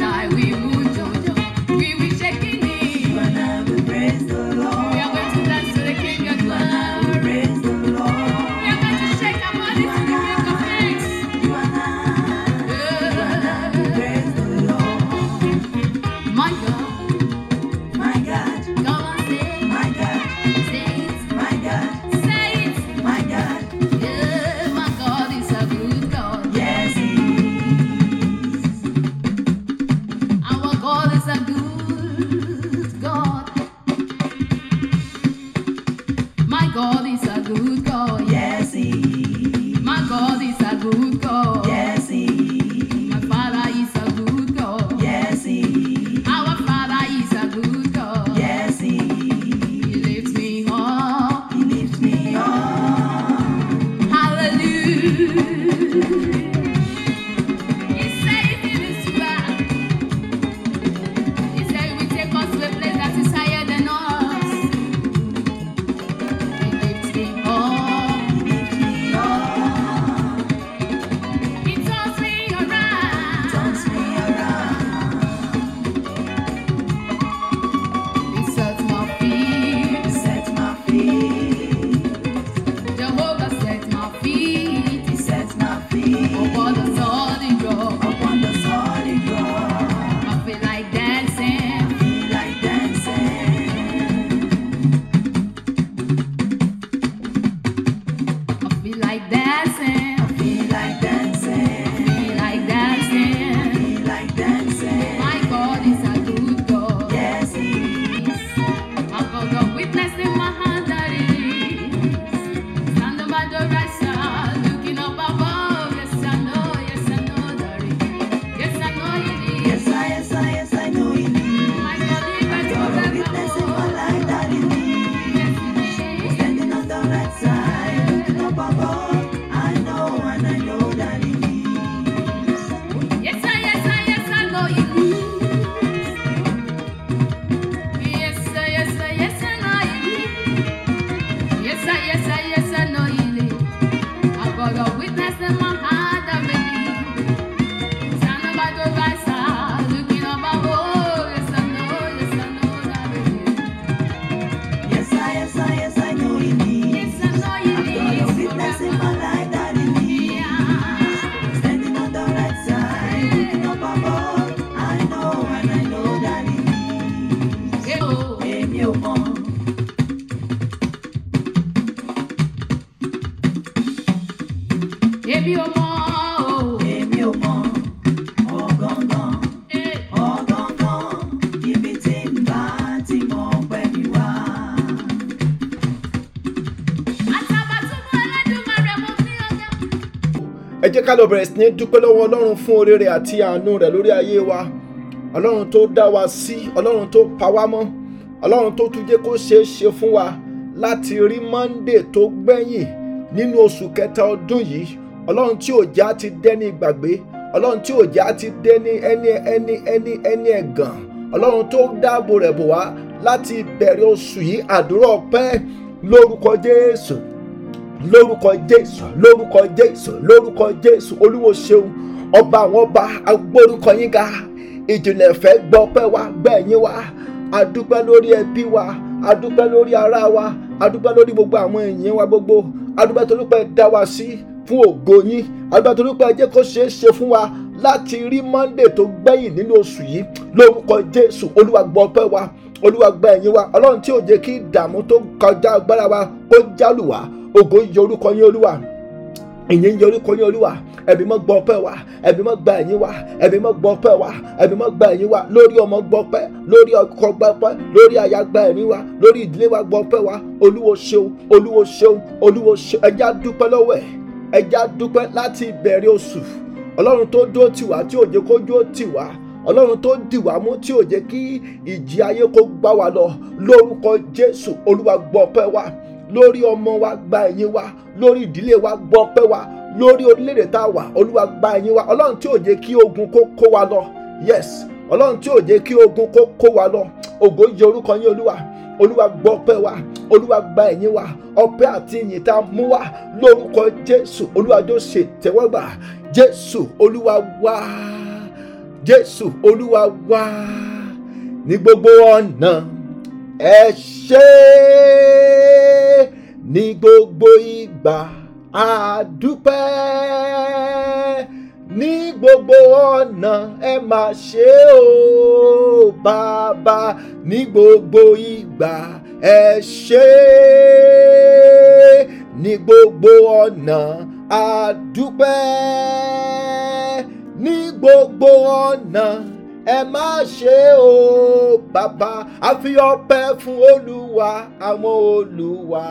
and I we ká lọ bẹ̀rẹ̀ sí ní dúpẹ́ lọ́wọ́ ọlọ́run fún oore rẹ̀ àti àánú rẹ̀ lórí ayé wa ọlọ́run tó dá wa sí ọlọ́run tó pa wá mọ́ ọlọ́run tó tún jẹ́ kó ṣeé ṣe fún wa láti rí monday tó gbẹ̀yìn nínú oṣù kẹta ọdún yìí ọlọ́run tí òjá ti dẹ́ni ìgbàgbé ọlọ́run tí òjá ti dẹ́ni ẹni ẹni ẹni ẹni ẹ̀gàn ọlọ́run tó dáàbò rẹ̀ bò wá láti bẹ̀rẹ̀ oṣù yìí àdúrà ọpẹ́ lórúkọ jésù lórúkọ jésù lórúkọ jésù lórúkọ jésù olúwo ṣeun ọba àwọn ọba agbórúkọ yín ga ìjìnlẹ̀ fẹ́ gbọ́ pẹ́ wá gbẹ̀yìn wá adúpẹ́ lórí ẹbí wa adúpẹ́ lórí ará wa adúpẹ́ lórí gbogbo àwọn èèyàn wa gbogbo adúpẹ́ torí pé dá wa sí fún ògo yín adúpẹ́ torí pé jẹ́ kó ṣeé ṣe fún wa láti rí monday tó gbẹ̀yìn nínú oṣù yìí lórúkọ jésù olúwa gbọ́ pẹ́ wa olúwa gbẹ̀yìn wa ọlọ́run tí ò jẹ́ kí ìdààmú tó kọjá agbára wa kó jálù wá ògo yọ orúkọ yín olúwa ìyìn yọ orúkọ yín olúwa ẹbí mọ gbọ́ ọpẹ́ wa ẹbí mọ gba ẹ̀yìn wa ẹbí mọ gbọ́ ọpẹ́ wa ẹbí mọ gba ẹ̀yìn wa lórí ọmọ gbọ́ ọpẹ́ lórí ọkọ gbọ́ ọpẹ́ lórí aya gba ẹ̀yìn wa lórí ìdílé wa gbọ́ ọpẹ́ wa olúwo ṣeun olúwo ṣeun olúwo ṣeun ẹjẹ adúpẹ́ lọ́wọ́ ẹ ẹjẹ adúpẹ́ láti ìbẹ̀rẹ̀ oṣù Ọlọ́run tó dúró tì wá tí ò jẹ́ kó dúró tì wá ọlọ́run tó dì wá mú tí ò kí ìjì ayé kó gbá wa lọ lórúkọ jésù olúwa gbọ́ ọpẹ́ wa lórí ọmọ wa gba ẹ̀yìn wa lórí ìdílé wa gbọ́ pẹ́ wa lórí orílẹ̀-èdè tá a wà olúwa gba ẹ̀yìn wa ọlọ́run tí ò jẹ́ kí ogun kó kó wa lọ yes ọlọ́run tí ò jẹ́ kí ogun kó kó wa lọ ògo yẹ orúkọ yín olúwa olúwa gbọ́ pẹ́ wa olúwa gba ẹ̀yìn wa ọpẹ́ àti ìyìn tá a mú wa lórúkọ jésù olúwa jó ṣe tẹ́wọ́gbà jésù olúwa wá jésù olúwa wá ní gbogbo ọ̀nà ẹ ṣé ní gbogbo ìgbà a dúpẹ́ ní gbogbo ọ̀nà ẹ mà ṣé o bàbá ní gbogbo ìgbà ẹ ṣé ní gbogbo ọ̀nà a dúpẹ́ ní gbogbo ọ̀nà ẹ má ṣe o bàbá àfi ọpẹ́ fún olúwa àwọn olúwa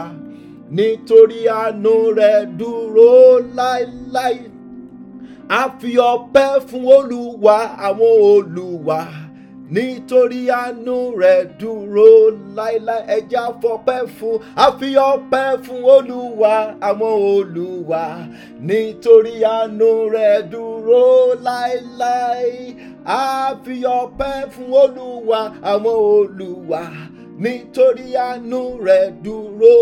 nítorí àánú rẹ̀ dúró láéláé àfi ọpẹ́ fún olúwa àwọn olúwa nítorí àánú rẹ̀ dúró láíláí ẹja fọpẹ́ fún àfi ọpẹ́ fún olúwa àwọn olúwa nítorí àánú rẹ̀ dúró láíláí àfi ọpẹ́ fún olúwa àwọn olúwa nítorí àánú rẹ̀ dúró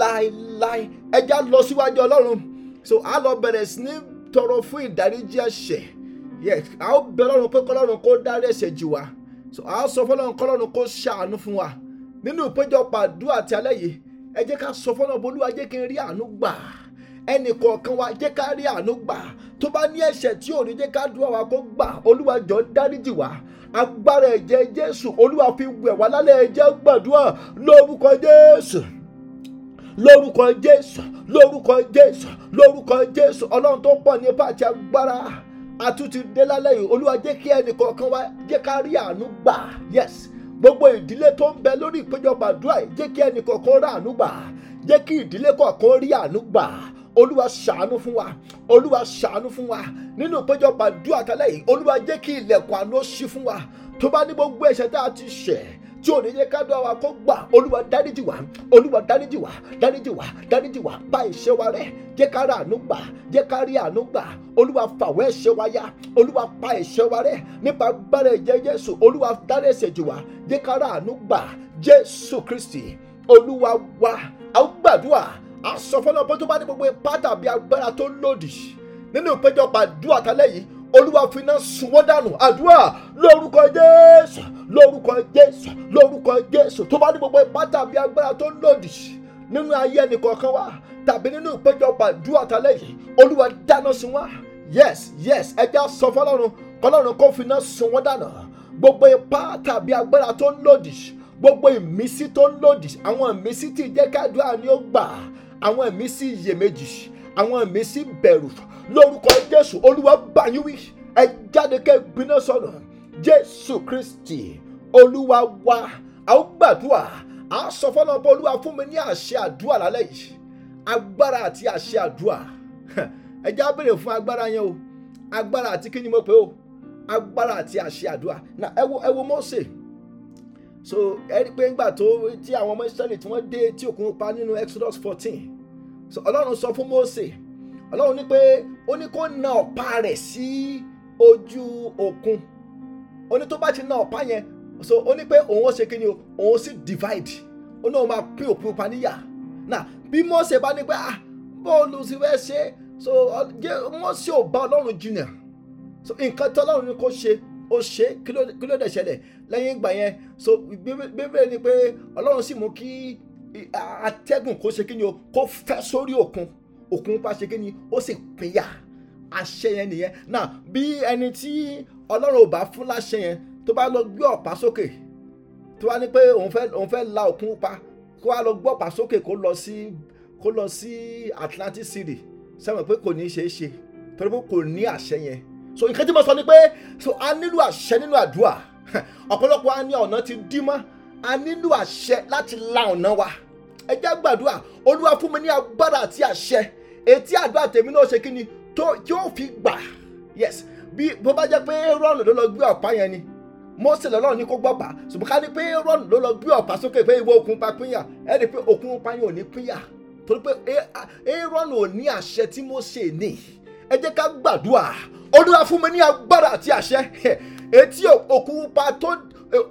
láíláí ẹja lọ síwájú ọlọ́run so a lọ bẹ̀rẹ̀ sí ní tọrọ fún ìdáríjì ẹ̀ṣẹ̀ yes a ó bẹ ọlọ́run pé kọ́lọ́run kó dárí ẹ̀ṣẹ̀ jì wá à ń sọ fọlọ́run kọ́lọ́run kó ṣàánú fún wa nínú ìpéjọpọ̀ àdúrà ti alẹ́ yìí ẹ jẹ́ ká sọ fọlọ́run bolúwa jẹ́ kí n rí àánú gbà ẹnì kọ̀ọ̀kan wa jẹ́ ká rí àánú gbà tó bá ní ẹ̀ṣẹ̀ tí ò ní jẹ́ ká dúrà wa kó gbà olúwa jọ dáríjì wá agbára ẹ̀jẹ̀ jésù olúwa fi wẹ̀ wá lálẹ́ ẹ̀jẹ̀ gbàdúrà lórúkọ jésù lórúkọ jésù lórúkọ jésù lórúkọ jésù ọlọ́run tó pọ̀ ní pàtí agbára a tún ti dé lálẹ́ yìí olúwa kí ẹnì kọ̀ọ̀kan wa jẹ́ ká rí àánú gbà yes gbogbo ìdílé tó ń bẹ lórí ìpéjọpọ̀ àdúrà yìí jẹ́ kí ẹnì kọ̀ọ̀kan rí àánú gbà jẹ́ kí ìdílé kọ̀ọ̀kan rí àánú gbà olúwa ṣàánú fún wa olúwa ṣàánú fún wa nínú ìpéjọpọ̀ àdúrà tẹ́lẹ̀ yìí olúwa jẹ́ kí ilẹ̀kùn àánú ṣí fún wa tó bá ní gbogbo ẹ̀ṣẹ̀ tá a ti ṣẹ̀ tí ò ní yẹ ká dúà wa kó gbà olúwa dáríjì wá olúwa dáríjì wá dáríjì wá dáríjì wá bá ìṣe wa rẹ́ jẹ́ ká rí àánú gbà jẹ́ ká rí àánú gbà olúwa fàwọ́ ẹ̀ṣẹ̀ wa ya olúwa pa ẹ̀ṣẹ̀ wa rẹ́ nípa gbára ẹ̀jẹ̀ Jésù olúwa dárí ẹ̀ṣẹ̀ jì wá jẹ́ ká rí àánú gbà Jésù Kristi olúwa wa a gbàdúrà àsọfọlọpọ tó bá ní gbogbo ipá tàbí agbára tó lòdì nínú ìpéjọpọ̀ àdúrà tálẹ́ yìí olúwa fi iná sun wọ́n dànù àdúrà lórúkọ jésù lórúkọ jésù lórúkọ jésù tó bá ní gbogbo ipá tàbí agbára tó lòdì nínú ayé ẹnìkọ̀ọ̀kan wa tàbí nínú ìpéjọpọ̀ àdúrà tálẹ̀ yìí olúwa dáná sun wá yes yes ẹja sọ fọlọ́run kọlọ́run kó fi iná sun wọ́n dànù gbogbo ipá tàbí agbára tó lòdì gbogbo ìmísí tó lòdì àwọn ìmísí tí ìjẹ́kádùá ni ó gbà àwọn ìmísí iyèméjì àwọn ìmísí bẹ̀rù lórúkọ jésù olúwa bá yín wí ẹ jáde kẹ́ gbiná sọ̀nà jésù kristi olúwa wa a ó gbàdúrà a sọ fọlọ́ bọ́ olúwa fún mi ní àṣẹ àdúrà lálẹ́ yìí agbára àti àṣẹ àdúrà ẹ já béèrè fún agbára yẹn o agbára àti kí ni mo pè o agbára àti àṣẹ àdúrà na ẹ wo ẹ wo Mósè so ẹ rí i pé ńgbà tó tí àwọn ọmọ Ísírẹ́lì tí wọ́n dé etí òkun pa nínú Exodus fourteen so Ọlọ́run sọ fún Mósè Ọlọ́run ní pé ó ní kó na ọ̀pá rẹ̀ sí ojú òkun ó ní tó bá ti na ọ̀pá yẹn so ó ní pé òun ó ṣe kí ni o òun sì divide ó ní òun máa pín òpin òpa níyà náà bí Mósè bá ní pé ah bọ́ọ̀lù sì fẹ́ ṣe so Mósè ò bá Ọlọ́run jìnnà so nǹkan tí Ọlọ́run ní kó ṣe ó ṣe kí ló dẹ̀ ṣẹlẹ̀ lẹ́yìn ìgbà yẹn so bíbélì ni pé Ọlọ́run sì mú kí atẹ́gùn kó ṣe kí ni o kó fẹ́ sórí òkun òkun bá ṣe kí ni ó sì pínyà àṣẹ yẹn nìyẹn náà bí ẹni tí ọlọ́run ò bá fún láṣẹ yẹn tó bá lọ gbé ọ̀pá sókè tó wá ní pé òun fẹ́ òun fẹ́ la òkun pa kó wá lọ gbé ọ̀pá sókè kó lọ sí kó lọ sí Atlantic City sẹ́wọ̀n pé kò ní í ṣeé ṣe torí pé kò ní àṣẹ yẹn so nǹkan tí mo sọ ni pé so a nílò àṣẹ nínú àdúrà ọ̀pọ̀lọpọ̀ a ní ọ̀nà ti dí mọ́ a nílò àṣẹ láti la ọ̀nà wa ẹ jẹ́ gbàdúrà olúwa fún mi ní agbára àti àṣẹ etí àdúrà tèmi náà ṣe kí ni tó yóò fi gbà yes bí bó bá jẹ́ pé Aaron ló lọ gbé ọ̀pá yẹn ni Mósè lọ́lọ́run ní kó gbọ́pá ṣùgbọ́n ká ní pé Aaron ló lọ gbé ọ̀pá sókè pé ìwọ òkun pa pínyà ẹ rí i pé òkun pa yẹn ò ní pínyà torí pé Aaron ò ní àṣẹ tí Mósè ní ẹ jẹ́ ká gbàdúrà Olúwa fún mi ní agbára àti àṣẹ etí òkun pa tó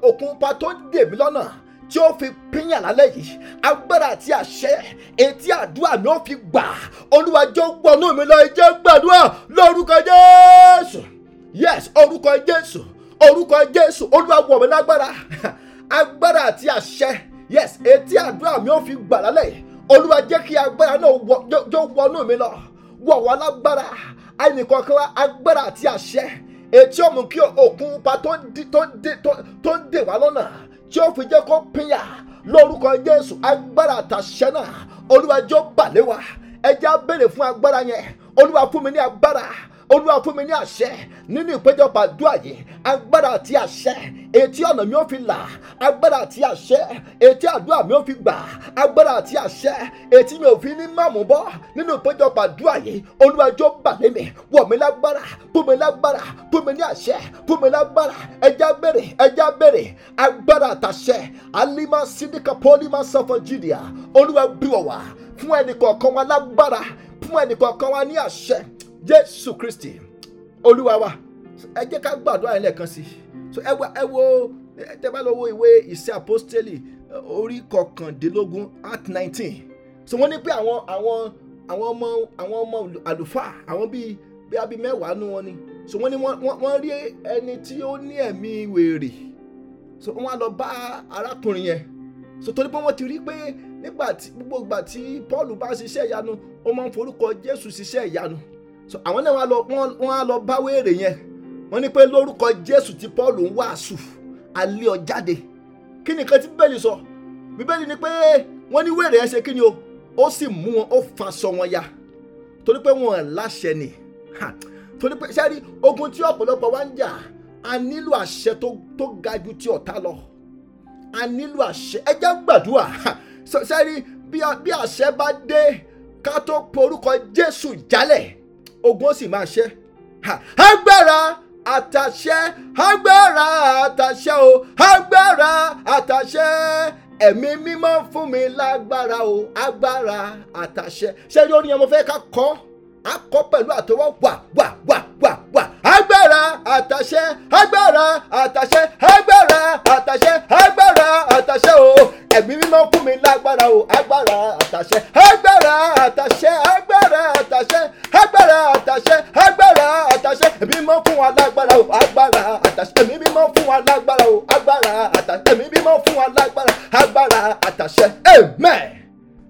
òkun pa tó dè mí lọ́nà tí ó fi pínyà lálẹ́ yìí agbára àti àṣẹ etí àdúrà mi ó fi gbà olúwa jọ̀ọ́ wọnú mi lọ jẹ́ gbàdúrà lórúkọ jésù yes orúkọ jésù orúkọ jésù olúwa wọ̀ mí lágbára agbára àti àṣẹ yes etí àdúrà mi ó fi gbà lálẹ́ yìí olúwa jẹ́ kí agbára náà jọ̀ọ́ wọnú mi lọ wọ̀ wá lágbára ẹnìkọ̀ọ̀kan wa agbára àti àṣẹ etí ọ̀mù kí òkun pa tó ń dè wá lọ́nà tí ó fi jẹ́ kó pínyà lórúkọ jésù agbára àtàṣẹ náà olúwa jọ balẹ̀ wa ẹ jẹ́ á béèrè fún agbára yẹn olúwa fún mi ní agbára olúwa fún mi ní àṣẹ nínú ìpéjọpọ̀ àdúrà yìí agbára àti àṣẹ etí ọ̀nà mi ò fi là agbára àti àṣẹ etí àdúrà mi ò fi gbà agbára àti àṣẹ etí mi ò fi ní mọ̀mú bọ́ nínú ìpéjọpọ̀ àdúrà yìí olúwa jọ bà lé mi wọ̀ mí lágbára fún mi lágbára fún mi ní àṣẹ fún mi lágbára ẹja béèrè ẹja béèrè agbára àtàṣẹ alima sídìkà pọ́límà sọfọ jìdìá olúwa bí wọ̀ wá fún ẹnì kọ̀ọ̀kan wa lágbára fún ẹnì kọ̀ọ̀kan wa ní àṣẹ jésù kristi olúwa wa ẹ jẹ́ ká gbàdúrà yẹn lẹ́ẹ̀kan sí so ẹ wá ẹ wo tẹ bá lọ wo ìwé ìṣe apostoli orí kọkàndínlógún act nineteen so wọ́n ní pé àwọn àwọn àwọn ọmọ àwọn ọmọ àlùfáà àwọn bíi bíi abí mẹ́wàá nú wọn ni so wọ́n ní wọ́n rí ẹni tí ó ní ẹ̀mí wèrè so wọ́n á lọ bá arákùnrin yẹn so torí pé wọ́n ti rí pé nígbà tí gbogbo ìgbà tí paul bá ṣiṣẹ́ ìyanu ó máa ń forúkọ jésù ṣiṣẹ́ ìyanu so àwọn náà wọ́n á lọ wọ́n á lọ bá wèrè yẹn wọ́n ní pé lórúkọ jésù tí paul ń wàásù alẹ́ ọ jáde kí nìkan tí bíbélì sọ bíbélì ni pé wọ́n ní wèrè ẹ ṣe kí ni o ó sì mú wọn ó fa sọ wọn ya torí pé wọn láṣẹ ni torí pé sẹ́rí ogun tí ọ̀pọ̀lọpọ̀ wá ń jà a nílò àṣẹ tó ga ju ti ọ̀tá lọ a nílò àṣẹ ẹ jẹ́ gbàdúrà sẹ́rí bí àṣẹ bá dé ká tó porúkọ jésù jálẹ̀ ogun ó sì máa ṣẹ́ agbára àtàṣẹ agbára àtàṣẹ o agbára àtàṣẹ ẹ̀mí mímọ́ fún mi lágbára o agbára àtàṣẹ ṣé lórí yẹn mo fẹ́ ká kọ́ á kọ́ pẹ̀lú àtọwọ́ wà wà wà wà wà agbára àtàṣẹ agbára àtàṣẹ agbára àtàṣẹ agbára àtàṣẹ o ẹ̀mí mímọ́ fún mi lágbára o agbára àtàṣẹ agbára àtàṣẹ agbára àtàṣẹ agbára àtàṣẹ agbára àtàṣẹ ẹ̀mí mímọ́ fún wa lágbára o agbára àtàṣẹ ẹ̀mí mímọ́ fún wa lágbára o agbára àtàṣẹ ẹ̀mí mímọ́ fún wa lágbára agbára àtàṣẹ amen.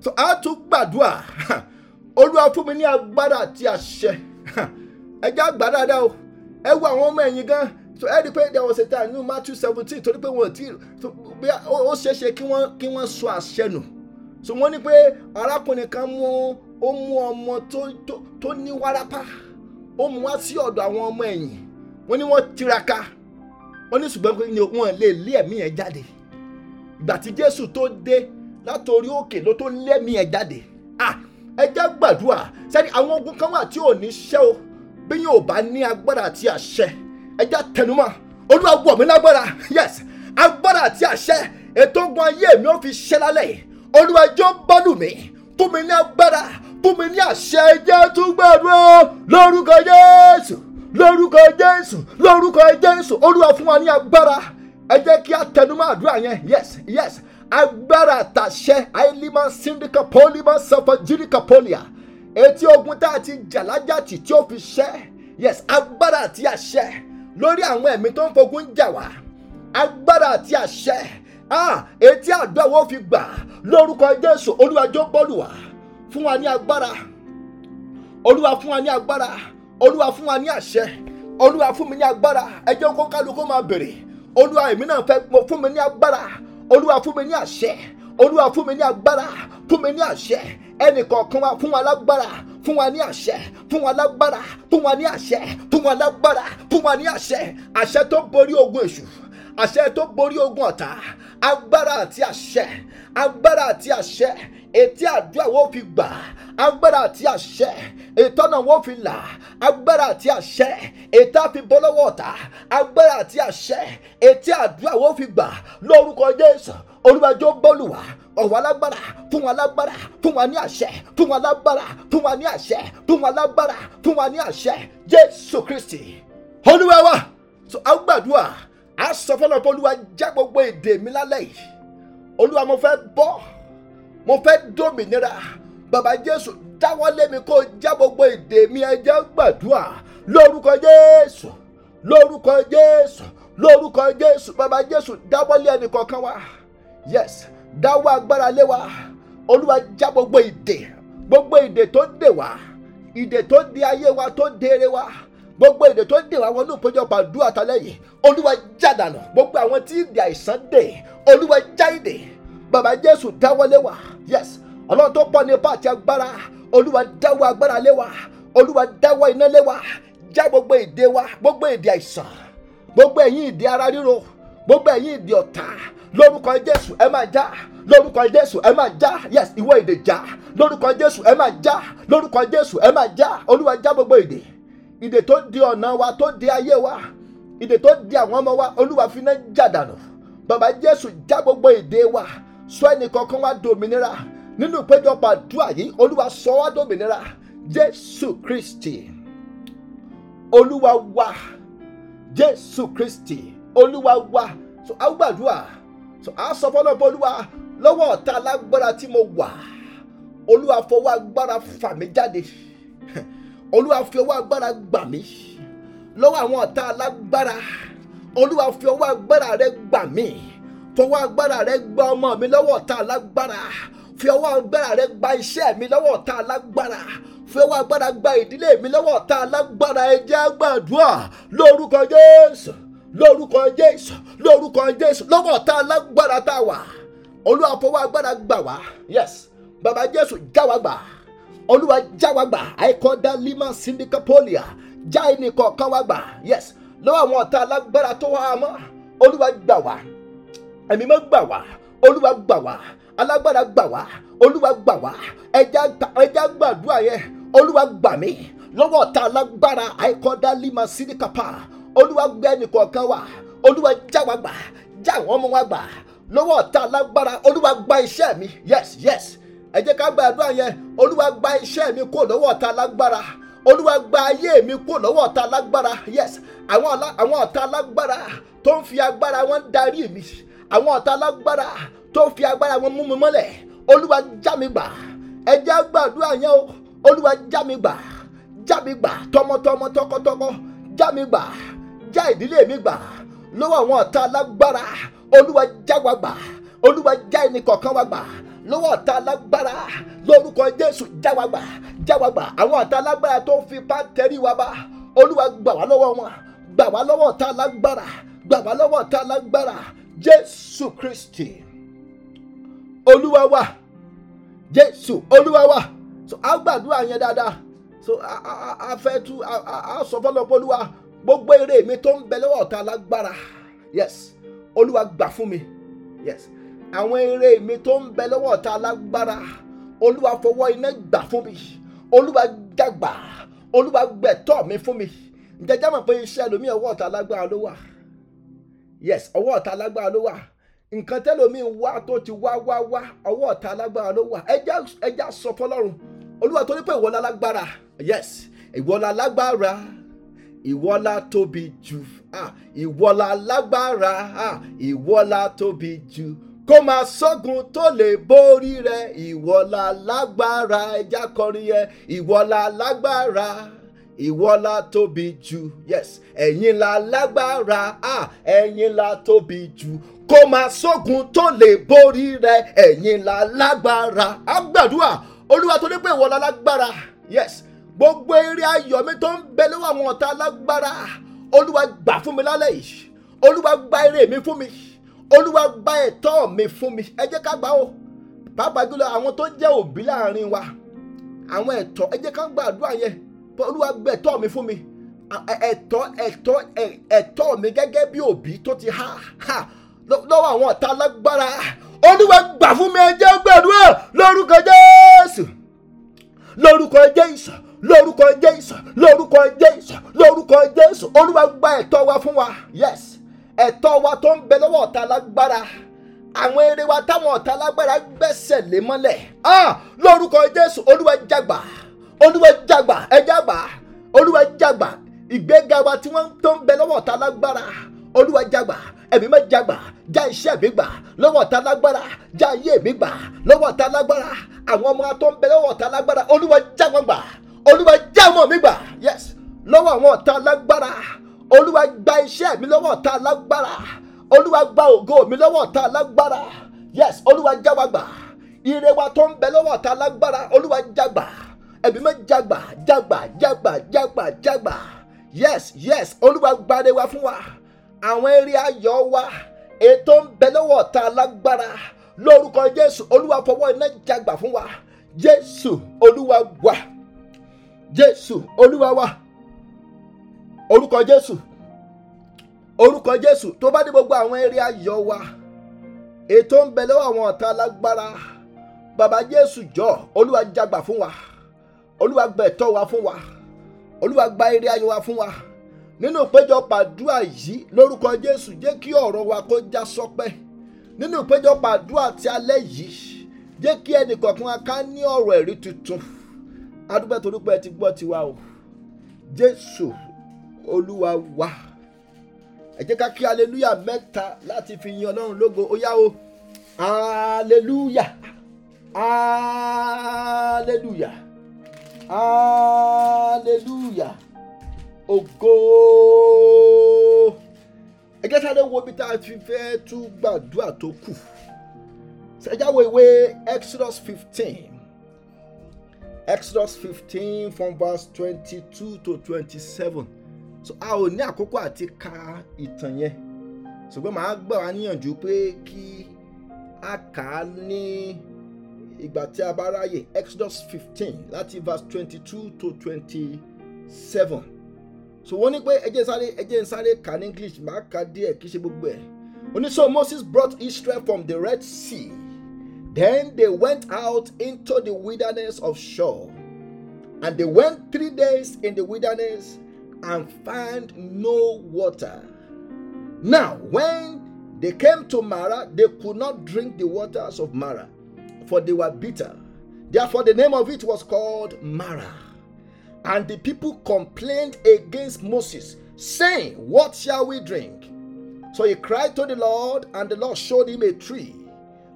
so a tún gbàdúrà olúwa fún mi ní agbára àti àṣẹ ẹ jẹ́ àgbà o ẹ wo àwọn ọmọ ẹ̀yìn gan-an so ẹ rí i pé there was a time nínú Matthew seventeen torí pé wọn ò tí ó ṣeéṣe kí wọ́n kí wọ́n sọ àṣẹ so wọ́n ní pé arákùnrin kan mú ó mú ọmọ tó ní wárápá ó mú wá sí ọ̀dọ̀ àwọn ọmọ ẹ̀yìn wọ́n ní wọ́n tiraka wọ́n ní ṣùgbọ́n pé wọ́n lè lé ẹ̀mí yẹn jáde ìgbà tí Jésù tó dé látòrí òkè ló tó lẹ́mí ẹ̀ jáde ah ẹ jẹ́ gbàdúrà sẹ́ni àwọn ogun kan wà tí ò ní ṣẹ́ o bí yóò bá ní agbára àti àṣẹ ẹja tẹnumọ́ olúwa wọ̀ mí lágbára yes agbára àti àṣẹ ètò ogun ayé mi ò fi ṣẹ́ lálẹ́ yìí olúwa jọ̀ọ́ bọ́lù mi fún mi ní agbára fún mi ní àṣẹ ẹjẹ́ tún gbàdúrà lórúkọ jésù lórúkọ jésù lórúkọ jésù olúwa fún wa ní agbára ẹ jẹ́ kí a tẹnumọ́ àdúrà yẹn yes yes agbára àtàṣẹ àìlímọ̀ síndíkà pọ́límọ̀ sọfọ̀jìrìkà pọ́líà etí ogun tá a ti jà lájà tì tí ó fi ṣẹ́ yes agbára àti àṣẹ lórí àwọn ẹ̀mí tó ń fogun jà wá agbára àti àṣẹ etí àdánwò fi gbà lórúkọ Jésù olúwàjọ bọ́ọ̀lù wá fún wa ní agbára olúwa fún wa ní agbára olúwa fún wa ní àṣẹ olúwa fún mi ní agbára ẹ jẹ́ kó kálukú máa bèrè olúwa èmi náà fún mi ní agbára olúwa fún mi ní àṣẹ olúwa fún mi ní agbára fún mi ní àṣẹ ẹnìkọ̀ọ̀kan wa fún wa lágbára fún wa ní àṣẹ fún wa lágbára fún wa ní àṣẹ fún wa lágbára fún wa ní àṣẹ àṣẹ tó borí ogun èṣù àṣẹ tó borí ogun ọ̀tá agbára àti àṣẹ agbára àti àṣẹ ètí àdúrà wo fi gbà agbára àti àṣẹ ìtọ́nà wo fi là agbára àti àṣẹ ètí àfi bọ́lọ́wọ́ ọ̀tá agbára àti àṣẹ ètí àdúrà wo fi gbà lórúkọ Jésù olùwàjọ bọ́ọ̀lùwà ọ̀wọ́ alágbára fún wa lágbára fún wa ní àṣẹ fún wa lágbára fún wa ní àṣẹ fún wa lágbára fún wa ní àṣẹ jésù kristi olúwa wa so a gbàdúrà a sọ fọlọ pé olúwa já gbogbo èdè mi lálẹ́ yìí olúwa mo fẹ́ bọ́ mo fẹ́ dòmìnira bàbá jésù dáwọ́lé mi kó já gbogbo èdè mi ẹ jẹ́ gbàdúrà lórúkọ jésù lórúkọ jésù lórúkọ jésù bàbá jésù dáwọ́lé ẹnì kọ̀ọ̀kan wa yes dáwọ́ agbára lé wa olúwa já gbogbo ìdè gbogbo ìdè tó dè wá ìdè tó di ayé wa tó di èrè wa gbogbo èdè tó dè wá wọnú ìpéjọpọ̀ àdúrà tálẹ́ yìí olúwa já dànù gbogbo àwọn tí ìdè àìsàn dè olúwa já ìdè bàbá jésù dáwọ́lé wa yes ọlọ́run tó pọ̀ nípa àti agbára olúwa dáwọ́ agbára lé wa olúwa dáwọ́ iná lé wa já gbogbo èdè wa gbogbo èdè àìsàn gbogbo ẹ̀yin ìdè ara ríro gbogbo ẹ̀yin ìdè ọ̀tá lórúkọ jésù ẹ máa já lórúkọ jésù ẹ máa já yes ìwọ èdè já lórúkọ jésù ẹ máa já lórúkọ jésù ẹ máa já olúwa já gbogbo èdè ìdè tó di ọ̀nà wa tó di ayé wa ìdè tó di àwọn ọmọ wa olúwa fi náà já dànù bàbá jésù já gbogbo èdè wa sọ ẹnì kankan wa dòmìnira nínú ìpéjọpọ̀ àdúrà yìí olúwa sọ wá dòmìnira jésù kristi olúwa wa jésù kristi olúwa wa so àwọn gbàdúrà a sọ fọlọ́ bọ́lúwa lọ́wọ́ ọ̀tá alágbára tí mo wà olúwa fọwọ́ agbára fà mí jáde olúwa fi ọwọ́ agbára gbà mí lọ́wọ́ àwọn ọ̀tá alágbára olúwa fi ọwọ́ agbára rẹ gbà mí fọwọ́ agbára rẹ gba ọmọ mi lọ́wọ́ ọ̀tá alágbára fi ọwọ́ agbára rẹ gba iṣẹ́ mi lọ́wọ́ ọ̀tá alágbára fi ọwọ́ agbára gba ìdílé mi lọ́wọ́ ọ̀tá alágbára ẹ jẹ́ àgbàdua lórúkọ Jésù lórúkọ jésù lórúkọ jésù lọ́wọ́ ọ̀tá alágbára tá a wà olúwa fọwọ́ agbára gbà wá yes bàbá jésù já wa gbà olúwa já wa gbà àìkọ́dá lima sindicapolia já ẹnì kọ̀ọ̀kan wa gbà yes lọ́wọ́ àwọn ọ̀tá alágbára tó wá mọ́ olúwa gbà wá ẹ̀mí mọ́ gbà wá olúwa gbà wá alágbára gbà wá olúwa gbà wá ẹja gbàdúrà yẹn olúwa gbà mí lọ́wọ́ ọ̀tá alágbára àìkọ́dá lima sindicapa olúwa gbé ẹnìkọ̀ọ̀kan wa olúwa já wa gbà já àwọn ọmọ wa gbà lọ́wọ́ ọ̀tá alágbára olúwa iṣẹ́ mi yes yes ẹ jẹ́ ká gbàdúrà yẹn olúwa iṣẹ́ mi kó lọ́wọ́ ọ̀tá alágbára olúwa gba ayé mi kó lọ́wọ́ ọ̀tá alágbára yes àwọn ọ̀tá alágbára tó ń fi agbára wọn darí mi àwọn ọ̀tá alágbára tó ń fi agbára wọn mú mi mọ́lẹ̀ olúwa ẹ jẹ́ gbàdúrà yẹn o olúwa já mi gbà já mi gbà tọmọtọmọ tọkọtọkọ já já ìdílé mi gbà lọ́wọ́ àwọn ọ̀tá alágbára olúwa já wa gbà olúwa já ẹnì kọ̀ọ̀kan wa gbà lọ́wọ́ ọ̀tá alágbára lórúkọ jésù já wa gbà já wa gbà àwọn ọ̀tá alágbára tó ń fi ipá wa bá olúwa gbà wá lọ́wọ́ wọn gbà wá lọ́wọ́ ọ̀tá alágbára gbà wá lọ́wọ́ ọ̀tá alágbára jésù kristi olúwa wa jésù olúwa wa so a gbàdúrà yẹn dáadáa so a fẹ́ tú a sọ fọlọ́pọ̀ olúwa. gbogbo ire mi tó ń bẹ lọ́wọ́ ọ̀tá lágbára yes olúwa gbà fún mi yes àwọn ire mi tó ń bẹ lọ́wọ́ ọ̀tá lágbára olúwa fọwọ́ iná gbà fún mi olúwa dàgbà olúwa gbẹ̀tọ́ mi fún mi jẹjẹ mọ̀ pé iṣẹ́ ẹlòmíì ọwọ́ ọ̀tá lágbára ló wà yes ọwọ́ ọ̀tá lágbára ló wà nǹkan tẹ́lòmíì wá tó ti wá wá wá ọwọ́ ọ̀tá lágbára ló wà ẹja sọ fọlọ́run olúwa torí pé ìwọ lálágbára yes ìwọ lálágbára ìwọ́lá tóbi jù ìwọ́lá lágbára ìwọ́lá tóbi jù kó máa ṣọ́gun tó lè borí rẹ ìwọ́lá lágbára ẹja kọrin yẹn ìwọ́lá lágbára ìwọ́lá tóbi jù yes ẹ̀yin la lágbára ah ẹ̀yin la tóbi jù kó máa sógun tó lè borí rẹ ẹ̀yin la lágbára agbàdúrà olúwa tó ní pé ìwọ́lá lágbára yes gbogbo eré ayọ̀ mi tó ń bẹ lọ́wọ́ àwọn ọ̀tá alágbára olúwa gbà fún mi lálẹ́ yìí olúwa gba eré mi fún mi olúwa gba ẹ̀tọ́ mi fún mi ẹ jẹ́ ká gbà ó pàápàá jùlọ àwọn tó jẹ́ òbí láàrin wa àwọn ẹ̀tọ́ ẹ jẹ́ ká gbàdúrà yẹn olúwa gba ẹ̀tọ́ mi fún mi ẹ̀tọ́ ẹ̀tọ́ ẹ̀tọ́ mi gẹ́gẹ́ bí òbí tó ti há lọ́wọ́ àwọn ọ̀tá alágbára olúwa gbà fún mi ẹ jẹ́ gbàdúrà lórúkọ jésù lórúkọ jésù lórúkọ jésù lórúkọ jésù lórúkọ jésù olúwa gba ẹ̀tọ́ wa fún wa yes ẹ̀tọ́ wa tó ń bẹ lọ́wọ́ ọ̀tá lágbára àwọn eré wa táwọn ọ̀tá lágbára gbẹ́sẹ̀ lé mọ́lẹ̀ ah lórúkọ jésù olúwa jàgbà olúwa jàgbà ẹ jàgbà olúwa jàgbà ìgbéga wa tí wọ́n tó ń bẹ lọ́wọ́ ọ̀tá lágbára olúwa jàgbà ẹ̀mí má jàgbà já iṣẹ́ mi gbà lọ́wọ́ ọ̀tá lágbára já ayé mi gbà lọ́wọ́ ọ̀tá lágbára àwọn ọmọ tó ń bẹ lọ́wọ́ ọ̀tá lágbára olúwa jàgbà gbà olúwa já ọmọ mi gbà yes lọ́wọ́ àwọn ọ̀tá lágbára olúwa gba iṣẹ́ mi lọ́wọ́ ọ̀tá lágbára olúwa gba ògo mi lọ́wọ́ ọ̀tá lágbára yes olúwa já wa gbà ire wa tó ń bẹ lọ́wọ́ ọ̀tá lágbára olúwa já gbà mọ́ jágbà jágbà jágbà jágbà jágbà yes yes olúwa gbáre wa fún wa àwọn eré ayọ̀ wa ètò ń bẹ lọ́wọ́ ọ̀tá lágbára lórúkọ jésù olúwa fọwọ́ iná jágbà fún wa jésù olúwa wà jésù olúwa wa orúkọ jésù orúkọ jésù tó bá dé gbogbo àwọn eré ayọ̀ wa ètò ń bẹ lọ́wọ́ àwọn ọ̀tá alágbára bàbá jésù jọ olúwa jagbà fún wa olúwa gba ẹ̀tọ́ wa fún wa olúwa gba eré ayọ̀ wa fún wa nínú ìpéjọpọ̀ àdúrà yìí lórúkọ jésù jẹ́ kí ọ̀rọ̀ wa kó já sọpẹ́ nínú ìpéjọpọ̀ àdúrà ti alẹ́ yìí jẹ́ kí ẹnìkọ̀ọ̀kan ká ní ọ̀rọ̀ ẹ̀rí tuntun adúpẹ́ torí pé ẹ ti gbọ́ tiwa o jésù olúwa wa ẹ jẹ́ ká kí aleluya mẹ́ta láti fi yin ọlọ́run lógo ó yá o aleluya aleluya aleluya ògo ẹ jẹ́ sáré wo ibi tá a fi fẹ́ tún gbàdúrà tó kù ṣẹjáwó ìwé exodus fifteen Exodus fifteen from verse twenty-two to twenty-seven so a ò ní àkókò àti ka ìtàn yẹn ṣùgbọ́n màá gbà wá níyànjú pé kí a kà á ní ìgbà tí a bá ráyè Exodus fifteen láti verse twenty-two to twenty-seven so wọ́n ní pé ẹjẹ́ sáré ẹjẹ́ sáré kà ní English màá kà díẹ̀ kí ṣe gbogbo ẹ̀ oníṣòwò Moses brought Israel from the Red Sea. Then they went out into the wilderness of Shur, and they went three days in the wilderness and found no water. Now, when they came to Mara, they could not drink the waters of Mara, for they were bitter. Therefore, the name of it was called Mara. And the people complained against Moses, saying, What shall we drink? So he cried to the Lord, and the Lord showed him a tree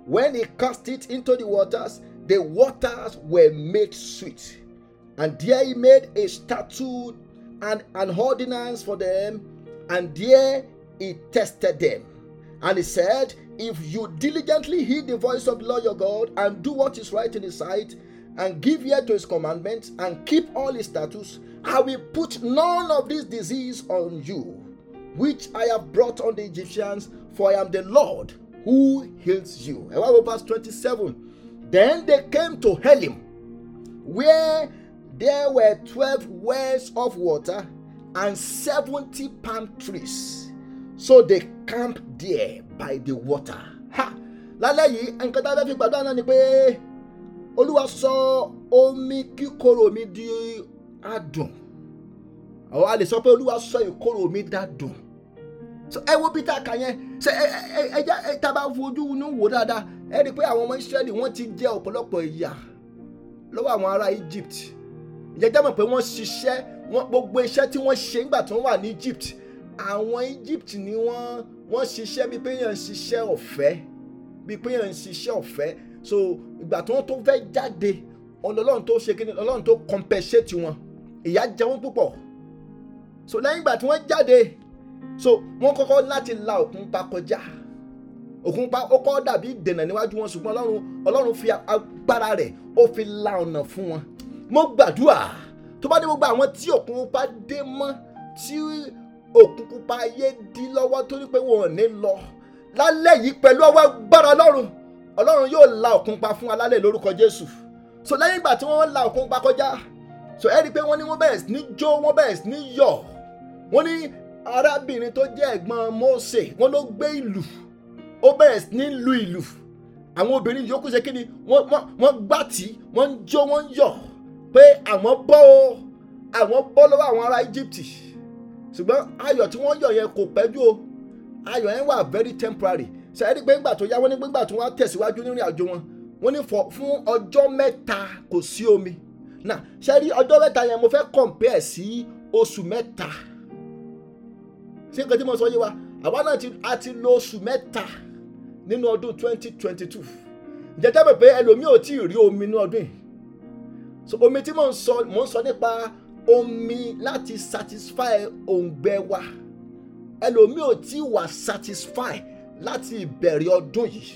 when he cast it into the waters, the waters were made sweet. And there he made a statute and an ordinance for them, and there he tested them. And he said, If you diligently heed the voice of the Lord your God, and do what is right in his sight, and give ear to his commandments, and keep all his statutes, I will put none of this disease on you, which I have brought on the Egyptians, for I am the Lord who heals you. And what verse 27? Then they came to Helim, where there were 12 wells of water and 70 palm trees. So they camped there by the water. Ha! lálẹ́ yìí nǹkan tá a fẹ́ fi gbàdúrà náà ni pé olúwa sọ omi kíkorò mi di adùn àwọn a lè sọ pé olúwa sọ ìkorò mi dá dùn so ẹ wo bí tá a kà yẹn ṣe ẹ ẹ ẹ ẹ tá a bá fojú inú wò dáadáa ẹ rí i pé àwọn ọmọ Ísírẹ́lì wọ́n ti jẹ ọ̀pọ̀lọpọ̀ ìyà lọ́wọ́ àwọn ará Egypt ìjẹ́jẹ́ mọ̀ pé wọ́n ṣiṣẹ́ wọ́n gbogbo iṣẹ́ tí wọ́n ṣe nígbà tó ń wà ní Egypt àwọn Egypt ni wọ́n wọ́n ṣiṣẹ́ bíi pé yẹn ń ṣiṣẹ́ ọ̀fẹ́ bíi pé yẹn ń ṣiṣẹ́ ọ̀fẹ́ so ìgbà tó ń tó fẹ́ jáde ọlọ́run tó ṣe kíni ọlọ́run tó compensate wọn ìyà jẹ wọ́n púpọ̀ so lẹ́yìn ìgbà tí wọ́n jáde so wọ́n kọ́kọ́ láti la òkun pa kọjá òkun pa ó kọ́ dàbí ìdènà níwájú wọn ṣùgbọ́n ọlọ́run ọlọ́run fi agbára rẹ̀ ó fi la ọ̀nà fún wọn mo gbàdúrà tó bá dé gbogbo àwọn tí òkun pupa dé mọ́ tí òkun pupa ayé dí lọ́wọ́ torí pé wọn ò ní lọ lálẹ́ yìí pẹ̀lú ọwọ́ agbára ọlọ́run ọlọ́run yóò la òkun pa fún alálẹ̀ lórúkọ jésù so lẹ́yìn ìgbà tí wọ́n la òkun pa kọjá so ẹ rí i pé wọ́n ní wọ́n bẹ̀rẹ̀ ní jó wọ́n bẹ̀rẹ̀ ní yọ̀ wọ́n ní arábìnrin tó jẹ́ ẹ̀gbọ́n Mósè wọn ló gbé ìlú ó bẹ̀rẹ̀ ní lu ìlú àwọn obìnrin yòókù ṣe kí ni wọ́n gbà tí wọ́n ń jó wọ́n ń yọ̀ pé àwọn bọ́ o àwọn bọ́ lọ́wọ́ àwọn ará Egypt ṣùgbọ́n ayọ̀ tí wọ́n yọ̀ yẹn kò pẹ́jù o ayọ̀ yẹn wà very temporary sẹ́yìn pé ńgbà tó yá wọ́n ní gbígbà tó wá tẹ̀síwájú nírìn àjò wọn wọ́n ní fún ọjọ́ mẹ́ta kò sí omi náà sẹ́yìn ọjọ́ mẹ́ta yẹn mo fẹ́ compare sí oṣù mẹ́ta. Si ṣé nǹkan tí mo sọ yé wa àwa náà a ti lo oṣù mẹ́ta nínú ọdún twenty twenty two ǹjẹ́ dábàá pé ẹlòmíì ò tí ì rí omi ní ọdún yìí so omi tí mò ń sọ mò ń sọ nípa omi láti satisfy òǹgbẹ wa ẹlòmíì ò tí wà satisfy láti ìbẹ̀rẹ̀ ọdún yìí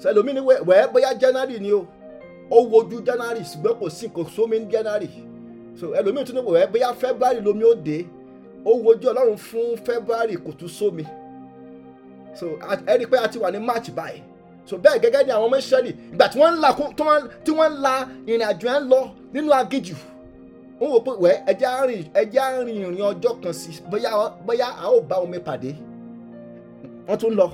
so ẹlòmíì ni wẹ́ẹ́ bóyá January ni o ó wojú January ṣùgbọ́n kò sí kò sómi January so ẹlòmíì tún ní wẹ́ẹ́ bóyá February lomi ó dé ó wojú ọlọ́run fún february kò tún sómi so ẹ rí i pé a ti wà ní march báyìí so bẹ́ẹ̀ gẹ́gẹ́ ni àwọn ọmọ ìṣẹ́lì ìgbà tí wọ́n ń la tí wọ́n ń la ìrìn àjò ẹ̀ ń lọ nínú aginjù ń wò pé wẹ́ ẹjẹ́ á rìn ẹjẹ́ á rìn ìrìn ọjọ́ kan sí bóyá bóyá a ó bá omi pàdé wọ́n tún lọ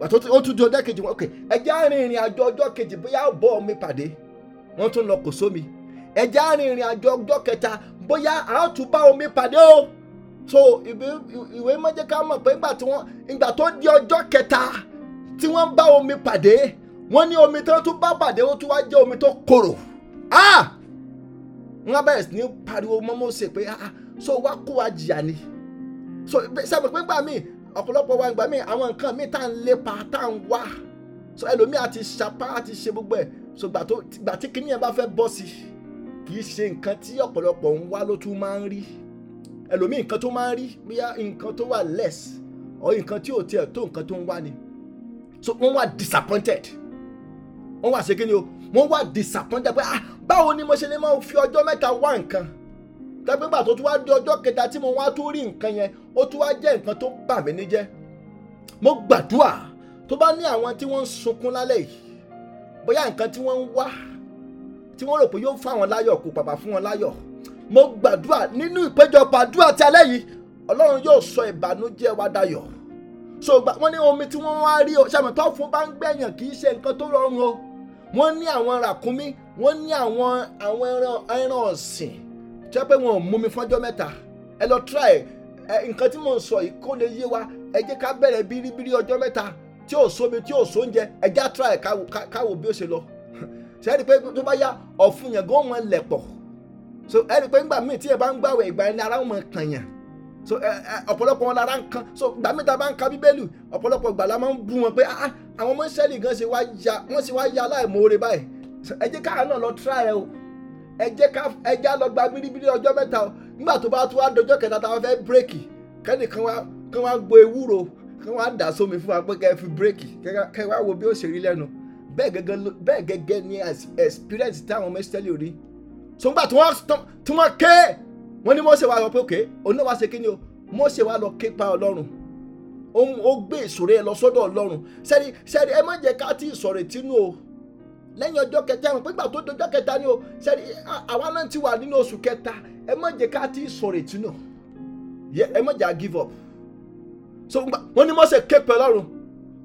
wọ́n tún di ọjọ́ kejì wọn ok ẹjẹ́ á rìn ìrìn àjò ọjọ́ kejì bóyá ó bọ́ omi pàdé wọ́n tún lọ kò sómi ẹjẹ́ á ìrìn àjò ọjọ́ kẹta bóyá a ó tún bá omi pàdé o so ìwé mímọ́ jẹ́ ká mọ̀ pé ìgbà tí wọ́n ìgbà tó di ọjọ́ kẹta tí wọ́n bá omi pàdé wọ́n ní omi tí wọ́n tún bá pàdé ó tún wá jẹ́ omi tó korò ah wọ́n bẹ̀rẹ̀ sí ní pariwo mọ́ Mósè pé ah, ah so wá kó wa jìyà ni so sẹ́mi pé gbà míì ọ̀pọ̀lọpọ̀ wa gbà míì àwọn nǹkan míì tá à ń lépa tá à wá so ẹlòmíì àti ṣapá àti ṣe gbogbo ẹ̀ so gbà tó gbà tí kinní yẹn bá fẹ́ bọ́ sí kì í ṣe nǹkan tí ọ̀pọ̀lọpọ̀ ń ẹlòmíì nǹkan tó máa ń rí bóyá nǹkan tó wà less or nǹkan tí ò tiẹ̀ tó nǹkan tó ń wá ni so wọ́n wà disappointed wọ́n wà ṣèkínni o wọ́n wà disappointed pé ah báwo ni mo ṣe lè máa fi ọjọ́ mẹ́ta wá nǹkan tẹ́gbẹ́ gbà tó tún wá di ọjọ́ kẹta tí mo wá tó rí nǹkan yẹn ó tún wá jẹ́ nǹkan tó bà mí níjẹ́ mo gbàdúrà tó bá ní àwọn tí wọ́n ń sunkún lálẹ́ yìí bóyá nǹkan tí wọ́n ń wá tí wọ́n rò pé yóò fáwọn láyọ̀ kò pàpà fún wọn láyọ̀ mo gbàdúrà nínú ìpéjọpọ̀ àdúrà tí alẹ́ yìí ọlọ́run yóò sọ ìbànújẹ́ wa dayọ̀ so wọ́n ní omi tí wọ́n wá rí o ṣàmì tó fún bá ń gbẹ̀yàn kì í ṣe nǹkan tó rọrùn o wọ́n ní àwọn ràkúnmí wọ́n ní àwọn àwọn ẹran ọ̀sìn tí wọ́n pé wọn ò mú mi fọ́jọ́ mẹ́ta ẹ lọ try ẹ nǹkan tí mò ń sọ yìí kó lè yé wa ẹ jẹ́ ká bẹ̀rẹ̀ bíríbírí ọjọ́ mẹ́ta tí ò sómi tí ò sóúnjẹ ẹ já try káwò bí ó ṣe lọ ṣe pé tó bá yá ọ̀fun yẹn gan wọn lẹ̀ pọ̀ so ẹ i pé ńgbà míì tí ẹ bá ń gbàwẹ̀ ìgbà ẹni ara wọn kàn yàn so ọ̀pọ̀lọpọ̀ wọn lára ń kan so ìgbà mẹ́ta bá ń ka bíbélì ọ̀pọ̀lọpọ̀ ìgbà la máa ń bú wọn pé ah, ah àwọn ọmọ ìṣẹ́lì gan ṣe wá ya wọ́n ṣe wá ya aláìmoore báyìí ẹ jẹ́ káà náà lọ tíra ẹ o ẹ jẹ́ ká ẹ já lọ gba bíríbírí ọjọ́ mẹ́ta o nígbà tó bá tó wá dọjọ́ kẹta táwọn fẹ́ bírèkì kẹ́nìkan wá wá gbo ewúro kán wá dà sómi fún wa pé kẹ́ fi bírèkì kẹ́ wá wo bí ó ṣe rí lẹ́nu bẹ́ẹ̀ gẹ́gẹ́ ni experience táwọn ọmọ ìṣẹ́lì rí sọgbà tí wọ́n ké wọ́n ní Mósè wá lọ pé òkè òun náà wá ṣe kíni o Mósè wá lọ ké pa Ọlọ́run ó gbé ìṣòro ẹ lọ sọ́dọ̀ Ọlọ́run sẹ́ni sẹ́ni ẹ má jẹ́ ká tí ìsọ̀rọ̀ ìtinú o lẹ́yìn ọjọ́ kẹta ẹ̀wọ̀n pé gbà tó dojọ́ kẹta ni o sẹ́ni àwa náà ti wà nínú oṣù kẹta ẹ má jẹ́ ká tí ìsọ̀rọ̀ ìtinú ẹ má jẹ́ à give up so wọ́n ní Mósè ké pe Ọlọ́run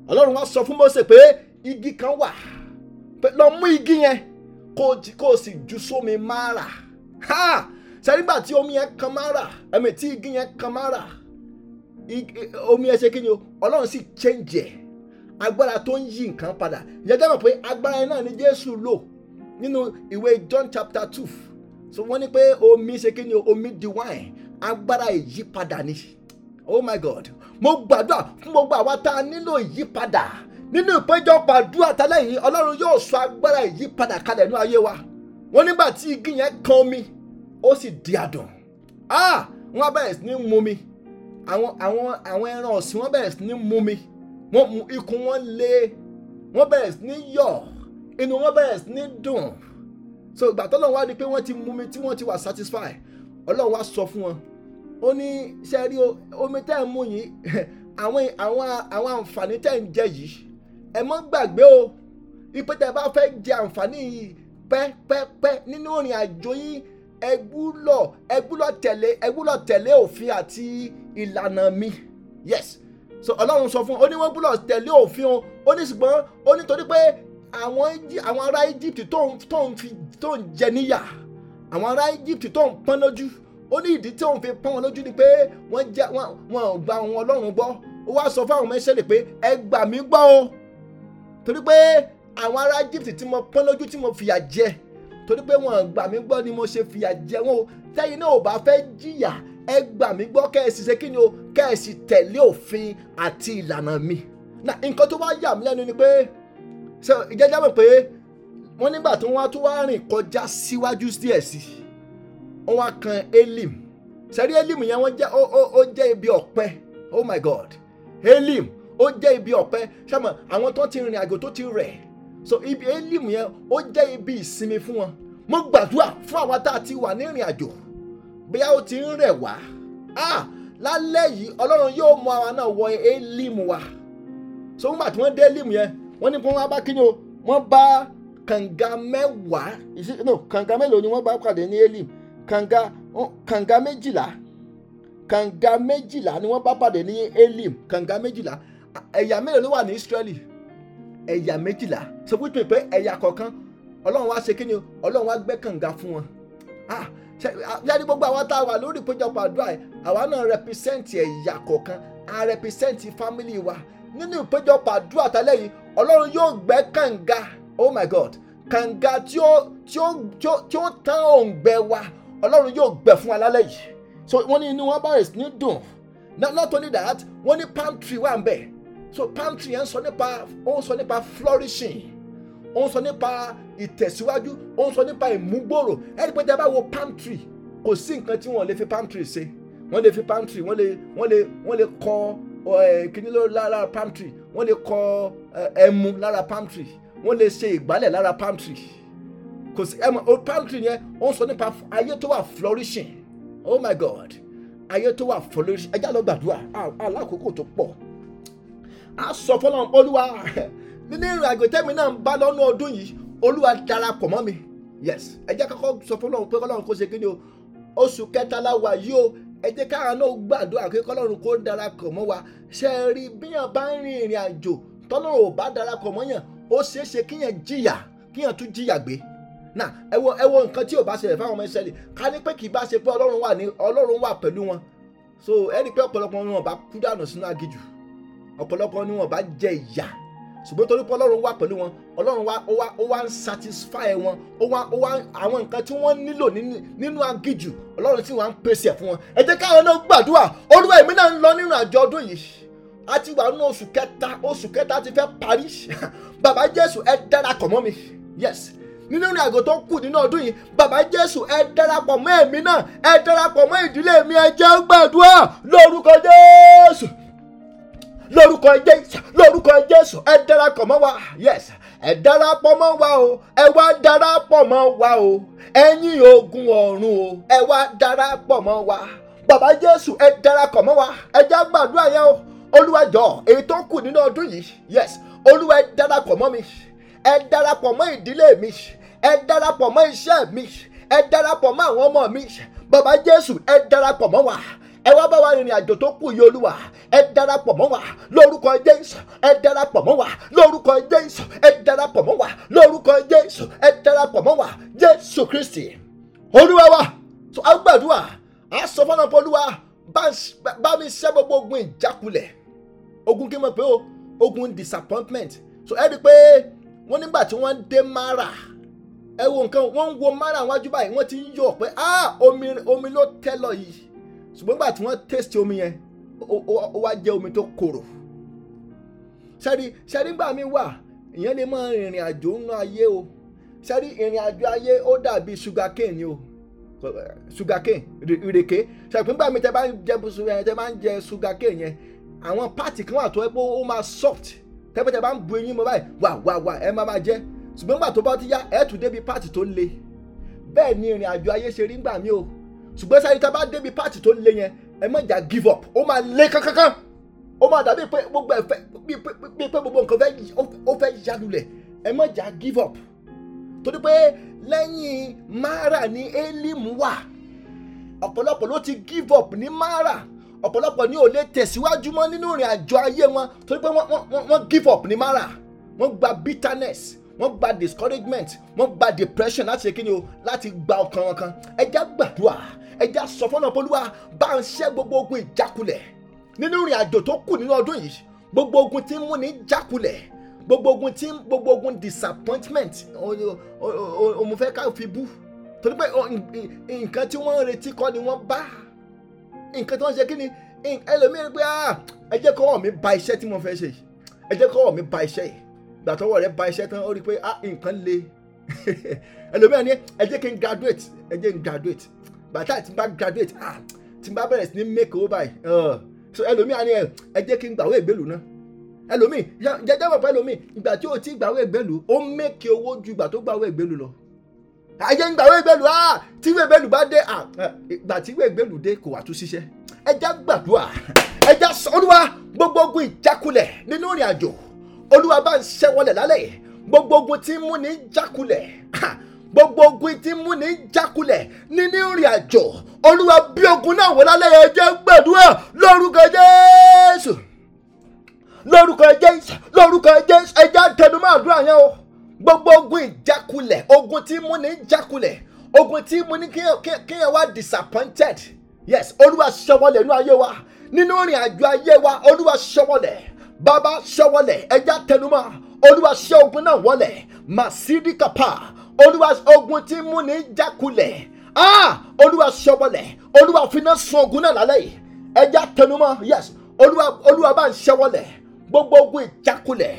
Ọlọ́run wá sọ fún Mósè pé igi kan wà lọ mú igi yẹn kó o sì ju sómi mara ha sẹ́rígbà tí omi yẹn kan mara ẹ̀mí tí igi yẹn kan mara omi yẹn ṣe kí ni o ọlọ́run sì change ẹ̀ agbára tó ń yí nǹkan padà ìyẹn jẹ́ mọ̀ pé agbára yẹn náà ni Jésù lò nínú ìwé John chapter two so wọ́n ní pé omi ṣe kí ni o omi di wine agbára ìyípadà ni oh my God mo gbàdúrà fún gbogbo àwa tá a nílò ìyípadà nínú ìpéjọpọ̀ àdúrà tálẹ̀ yìí ọlọ́run yóò sọ agbára ìyípadà kalẹ̀ ní ayé wa wọn nígbà tí igi yẹn kan omi ó sì di àdùn ah wọn bẹ̀rẹ̀ sí ní mu mi àwọn àwọn àwọn ẹran ọ̀sìn wọn bẹ̀rẹ̀ sí ní mu mi wọn mu ikùn wọn le wọn bẹ̀rẹ̀ sí ní yọ̀ inú wọn bẹ̀rẹ̀ sí ní dùn so ìgbà tọ́lọ́ wa ni pé wọ́n ti mu mi tí wọ́n ti wà satisfy ọlọ́run wa sọ fún wọn ó ní sẹ́rí omi tẹ́ ẹ̀ mú yìí àwọn àwọn àwọn àǹfààní tẹ́ ẹ̀ ń jẹ yìí ẹ mọ́ gbàgbé o ipe tẹ́ bá fẹ́ jẹ àǹfààní yìí pẹ́pẹ́pẹ́ nínú ìrìn àjò yín ẹ gbúlọ̀ ẹ gbúlọ̀ tẹ̀lé ẹ gbúlọ̀ tẹ̀lé òfin àti ìlànà mi yes so ọlọ́run sọ fún un ó ní wọ́n gbúlọ̀ tẹ̀lé òfin o ó ní ṣùgbọ́n ó ní torí pé àwọn àwọn ará Egypt tó ń tó ń fi tó ń jẹ níyà àwọn ará Egypt tó ń pọ́n lójú ó ní ìdí tí òun fi pọ́n wọn lójú ni pé wọ́n jẹ́ wọn ò gba àwọn ọlọ́run ó wá sọ fún àwọn ọmọ Ísírẹ́lì pé ẹ gbà mí gbọ́ o torí pé àwọn ará Egypt tí mo pọ́n lójú tí mo fìyà jẹ torí pé wọn gbà mí gbọ́ ni mo ṣe fìyà jẹ wọn o tẹ́yin náà ò bá fẹ́ jìyà ẹ gbà mí gbọ́ kẹ́ ẹ sì ṣe kí ni o kẹ́ ẹ sì tẹ̀lé òfin àti ìlànà mi. nǹkan tó wá yà mí lẹ́nu ni pé ìjẹ́jẹ́ mọ̀ pé wọ́n nígbà tí wọ́n tún wá rìn kọjá síwájú díẹ̀ sí i wọ́n wá kan elim sẹ́rí elim yẹn wọ́n jẹ́ ó jẹ́ ibi ọ̀pẹ oh my god elim ó jẹ́ ibi ọ̀pẹ ṣàmọ̀ àwọn tó ti rìnrìn àjò tó ti rẹ̀ so ibi elimu yẹn ó jẹ́ ibi ìsinmi fún wọn mo gbàdúrà fún àwa tá a ti wà ní ìrìn àjò bóyá ó ti ń rẹ̀ wá ah lálẹ́ yìí ọlọ́run yóò mú àwa náà wọ elimu wa so nígbà tí wọ́n dé elimu yẹn wọ́n ní kí wọ́n bá kíni o wọ́n bá kànga mẹ́wàá no kànga mélòó ni wọ́n bá pàdé ní elimu kànga kànga méjìlá kànga méjìlá ni wọ́n bá pàdé ní elimu kànga méjìlá ẹ̀yà mélòó ló wà ní Ísírẹ́lì ẹ̀yà méjìlá sọ pé pé ẹ̀yà kọ̀ọ̀kan ọlọ́run wá ṣe kí ni ọlọ́run wá gbẹ́ kànga fún wọn ah yẹ́nì gbogbo àwa tá a wà lórí ìpéjọpọ̀ àdúrà yìí àwa náà rẹpísẹ́ǹtì ẹ̀yà kọ̀ọ̀kan a rẹpísẹ́ǹtì fámìlì wa nínú ìpéjọpọ̀ àdúrà tálẹ́ yìí ọlọ́run yóò gbẹ́ kànga oh my god kànga tí ó tí ó tí ó tán òǹgbẹ wa ọlọ́run yóò gbẹ́ fún wa lálẹ́ yìí so wọ́n ní inú wọn bá rẹ̀ ní dùn not only that wọ́n ní palm tree wà ń bẹ̀ so pantry yẹn ń sọ nípa ó sọ nípa flourishing ó ń sọ nípa ìtẹ̀síwájú ó ń sọ nípa ìmúgbòrò ẹni pé tẹ́ bá wo pantry kò sí nǹkan tí wọ́n lè fi pantry ṣe wọ́n lè fi pantry wọ́n lè wọ́n lè wọ́n lè kọ kíní lára pantry wọ́n lè kọ ẹmu lára pantry wọ́n lè ṣe ìgbálẹ̀ lára pantry kò sí ẹmu pantry yẹn ó ń sọ nípa ayé tó wà flourishing oh my god ayé tó wà flourishing ẹjá lọ gbàdúrà alákòókò tó pọ̀ á sọ fọlọ́run olúwa nínú ìrìn àjò tẹ́mi náà ń bá lọ́nà ọdún yìí olúwa darapọ̀ mọ́ mi yes ẹ jẹ́ kọ́kọ́ sọ fọlọ́run pé kọ́lọ́run kó ṣe kí ni o oṣù kẹtàlá wa yìí o ẹ jẹ́ náà gbàdúrà pé kọ́lọ́run kó darapọ̀ mọ́ wa ṣe é rí bíyàn bá ń rin ìrìn àjò tọ́lọ́run ò bá darapọ̀ mọ́ yàn ó ṣeé ṣe kíyàn jìyà kíyàn tún jìyà gbé náà ẹ wo nǹkan tí ò bá ṣẹlẹ̀ fáwọn ọmọ ìṣẹ̀lẹ̀ ká ní pé kì í bá ṣe pé ọlọ́run wà ní ọlọ́run wà pẹ̀lú wọn so ẹni pé ọ̀pọ̀lọpọ̀ wọn bá kú dànù sínú aginjù ọ̀pọ̀lọpọ̀ ni wọn bá jẹ ìyà ṣùgbọ́n torí pé ọlọ́run wà pẹ̀lú wọn ọlọ́run wá ó wá ó wá ń satisfy wọn ó wá ó wá àwọn nǹkan tí wọ́n nílò nínú agíjù ọlọ́run tí wọ́n á ń pèsè ẹ̀ fún wọn ẹ jẹ́ káwọn náà gbàdúrà olúwa èmi náà ń lọ nínú àjọ ọdún yìí a ti wà nínú oṣù kẹta oṣù kẹta ti fẹ́ parí bàbá jésù ẹ darapọ̀ mọ́ mi yes nínú ìrìn àgọ́ tó kù nínú ọdún yìí bàbá jésù ẹ darapọ̀ mọ́ èmi náà ẹ darapọ̀ mọ́ ìdílé mi ẹ jẹ́ gbàdúrà lórúkọ jésù lórúkọ jésù lórúkọ jésù ẹ darapọ̀ mọ́ wa yes ẹ darapọ̀ mọ́ wa o ẹ wá darapọ̀ mọ́ wa o ẹ̀yin ogun ọ̀run o ẹ wá darapọ̀ mọ́ wa bàbá jésù ẹ darapọ̀ mọ́ wa ẹ já gbàdúrà yẹn o olúwa jọ̀ọ́ èyí tó kù nínú ọdún yìí yes olúwa ẹ darapọ̀ mọ́ mi ẹ darapọ̀ mọ́ ìdílé mi ẹ darapọ̀ mọ́ iṣẹ́ mi ẹ darapọ̀ mọ́ àwọn ọmọ mi bàbá jésù ẹ darapọ̀ mọ́ wa ẹ wá bá wa rìnrìn àjò tó kù yìí olúwa ẹ darapọ̀ mọ́ wa lórúkọ jésù ẹ darapọ̀ mọ́ wa lórúkọ jésù ẹ darapọ̀ mọ́ wa lórúkọ jésù ẹ darapọ̀ mọ́ wa jésù kristi olúwa tó a gbàdúrà a sọ fọlọ́n pé olúwa bá mi ṣẹ́ gbogbo ogun ìjákulẹ̀ ogun kí n mọ̀ pé o ogun disappointment so ẹ rí i pé wọ́n nígbà tí wọ́n dé mara ẹ wo nǹkan wọ́n ń wo mara wájú báyìí wọ́n ti ń yọ̀ pé ah omi omi ló tẹ́ lọ yìí ṣùgbọ́n nígbà tí wọ́n taste omi yẹn ó wá jẹ́ omi tó korò sẹ́rí sẹ́rí gbà mí wà ìyẹn lè mọ ìrìn àjò ńlọ ayé o sẹ́rí ìrìn àjò ayé ó dàbí sugar cane ni o sugar cane ìrèké ṣàpínpà mi tẹ bá ń jẹ tẹ bá ń jẹ sugar cane yẹn àwọn pààtì kan wà tó ẹ pé ó máa soft tẹ́pẹ́ tẹ́ bá ń bu eyín mọ́ báyìí wà wà wà ẹ má máa jẹ́ ṣùgbọ́n gbà tó bá ti yá ẹ tún débi pààtì tó le bẹ́ẹ̀ ni ìrìn àjò ayé ṣe rí gbà mí o ṣùgbọ́n sáré tá bá débi pààtì tó le yẹn ẹ má jà give up ó máa lé kankankan ó máa dàbí pé gbogbo ẹ fẹ́ bíi pé gbogbo nǹkan ó fẹ́ yálulẹ̀ ẹ má jà give up torí pé lẹ́yìn mara ni elimu wà ọ̀pọ̀lọpọ̀ ló ti give up ní mara ọ̀pọ̀lọpọ̀ ni ò lè tẹ̀síwájú mọ́ nínú ìrìn àjò ayé wọn torí pé wọ́n give up ní mara wọ́n gba bitterness wọ́n gba discouragement wọ́n gba depression láti ṣe kí ni o láti gba ọkàn wọn kan ẹja gbàdúrà ẹja sọ fọ́nà polúwa bá ń ṣẹ́ gbogbo ogun ìjákulẹ̀ nínú ìrìn àjò tó kù nínú ọdún yìí gbogbo ogun tí ń múni jákulẹ̀ gbogbo ogun tí gbogbo ogun disappointment òun fẹ́ ká fi bú torí pé nǹkan tí wọ́n ń retí kọ́ ni wọ́n bá nǹkan tí wọ́n ṣe kí ni ẹlòmíràn pé ah, ẹ jẹ́ kọ́wọ́ mi ba iṣẹ́ tí mo fẹ́ ṣe ẹ jẹ́ kọ́wọ́ mi ba iṣẹ́ yìí gbàtọ́wọ́ rẹ ba iṣẹ́ tán ó rí i pé ah nǹkan le ẹlòmíràn ní ẹ jẹ́ kí n graduate ẹ jẹ́ n graduate bàtà tí n bá graduate ah tí n bá bẹ̀rẹ̀ sí ní make over ẹ̀ so ẹlòmíràn ní ẹ jẹ́ kí n gbàwé ìgbèlú náà ẹlòmíì jẹjẹ bàbá ẹlòmíì ìgbà tí o ti gbàwé ìgbèlú ó mẹ́kì owó ju ìgbà tó gbàwé ìgbèlú lọ ayé ń gbàwé ìgbèlú ah tí ìwé ìgbèlú bá dé ah ìgbà tí ìwé ìgbèlú dé kò wà tún ṣiṣẹ́ ẹ já gbàdúrà ẹ já sọ́dúnwá gbogbo ogun ìjákulẹ̀ nínú ìrìn àjò olúwa bá ń ṣẹ́wọ́lẹ̀ lálẹ́ gbogbo ogun tí ń mú ní jákulẹ̀ gbogbo ogun tí ń mú ní jákulẹ̀ níní ìrìn àjò olúwa bí ogun náà wọ lálẹ́ yẹn jẹ́ gbàdúrà lórúkọ jésù lórúkọ jésù lórúkọ jésù ẹjẹ àtẹnumọ́ àdúrà yẹn o gbogbo ogun ìjákulẹ̀ ogun tí ń mú ní jákulẹ̀ ogun tí ń mú ní kéèyàn wá disappointed yes olúwa ṣẹ́wọ́lẹ̀ inú ayé wa nínú ìrìn àjò ayé wa olúwa ṣẹ́wọ́lẹ̀ bàbá ṣẹ́wọ́lẹ̀ ẹja tẹnumọ́ olúwa ṣẹ́ ogun náà wọlẹ̀ màsídìkàpà olúwa ogun tí múni jákulẹ̀ ah olúwa ṣẹ́wọ́lẹ̀ olúwa finá sun ogun náà lálẹ́ ẹja tẹnumọ́ yes olúwa olúwa bá ń ṣẹ́wọ́lẹ̀ gbogbo ogun ìjákulẹ̀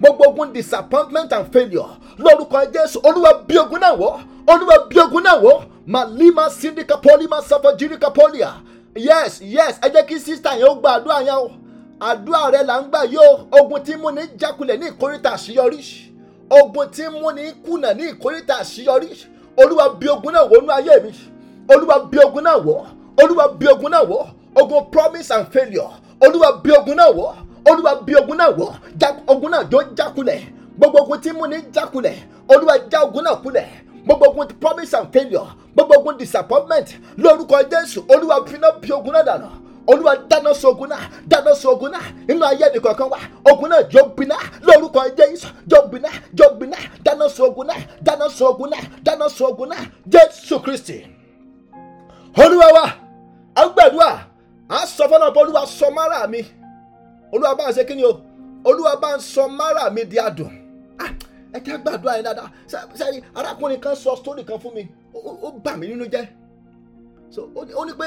gbogbo ogun disappointment and failure lórúkọ jésù olúwa bí ogun náà wọ olúwa bí ogun náà wọ màlímà síndìkàpọ́lì màsàfọ̀jìrìkàpọ́lì à yes yes ẹ jẹ́ kí sísítà yẹn ó gbàdúrà yẹn o àdúrà rẹ là ń gbà yóò ogun tí mú ní jákulẹ̀ ní ìkórìtà àṣeyọrí ogun tí mú ní kùnà ní ìkórìtà àṣeyọrí olúwa bí ogun náà wọnú ayé mi olúwa bí ogun náà wọ olúwa bí ogun náà wọ ogun promise and failure olúwa bí ogun náà wọ olúwa bí ogun náà wọ ogun náà jó jákulẹ̀ gbogbo ogun tí mú ní jákulẹ̀ olúwa já ogun náà kulẹ̀ gbogbo ogun promise and failure gbogbo ogun disappointment lórúkọ jésù olúwa fi náà bí ogun náà dànù olúwa dáná sun ogun náà dáná sun ogun náà inú ayé nìkankan wa ogun náà jọ gbiná lórúkọ jésù jọ gbiná jọ gbiná dáná sun ogun náà dáná sun ogun náà dáná sun ogun náà jésù kristi olúwa wa à ń gbàdúrà à ń sọ fọlọ́pọ̀ olúwa sọ márà mi olúwa bá ń ṣe kí o olúwa bá ń sọ márà mi di adùn ah, ẹ jẹ́ gbàdúrà yín dáadáa sẹ́yìn arákùnrin kan sọ sítórì kan fún mi ó bà mí nínú jẹ́ ó ní pé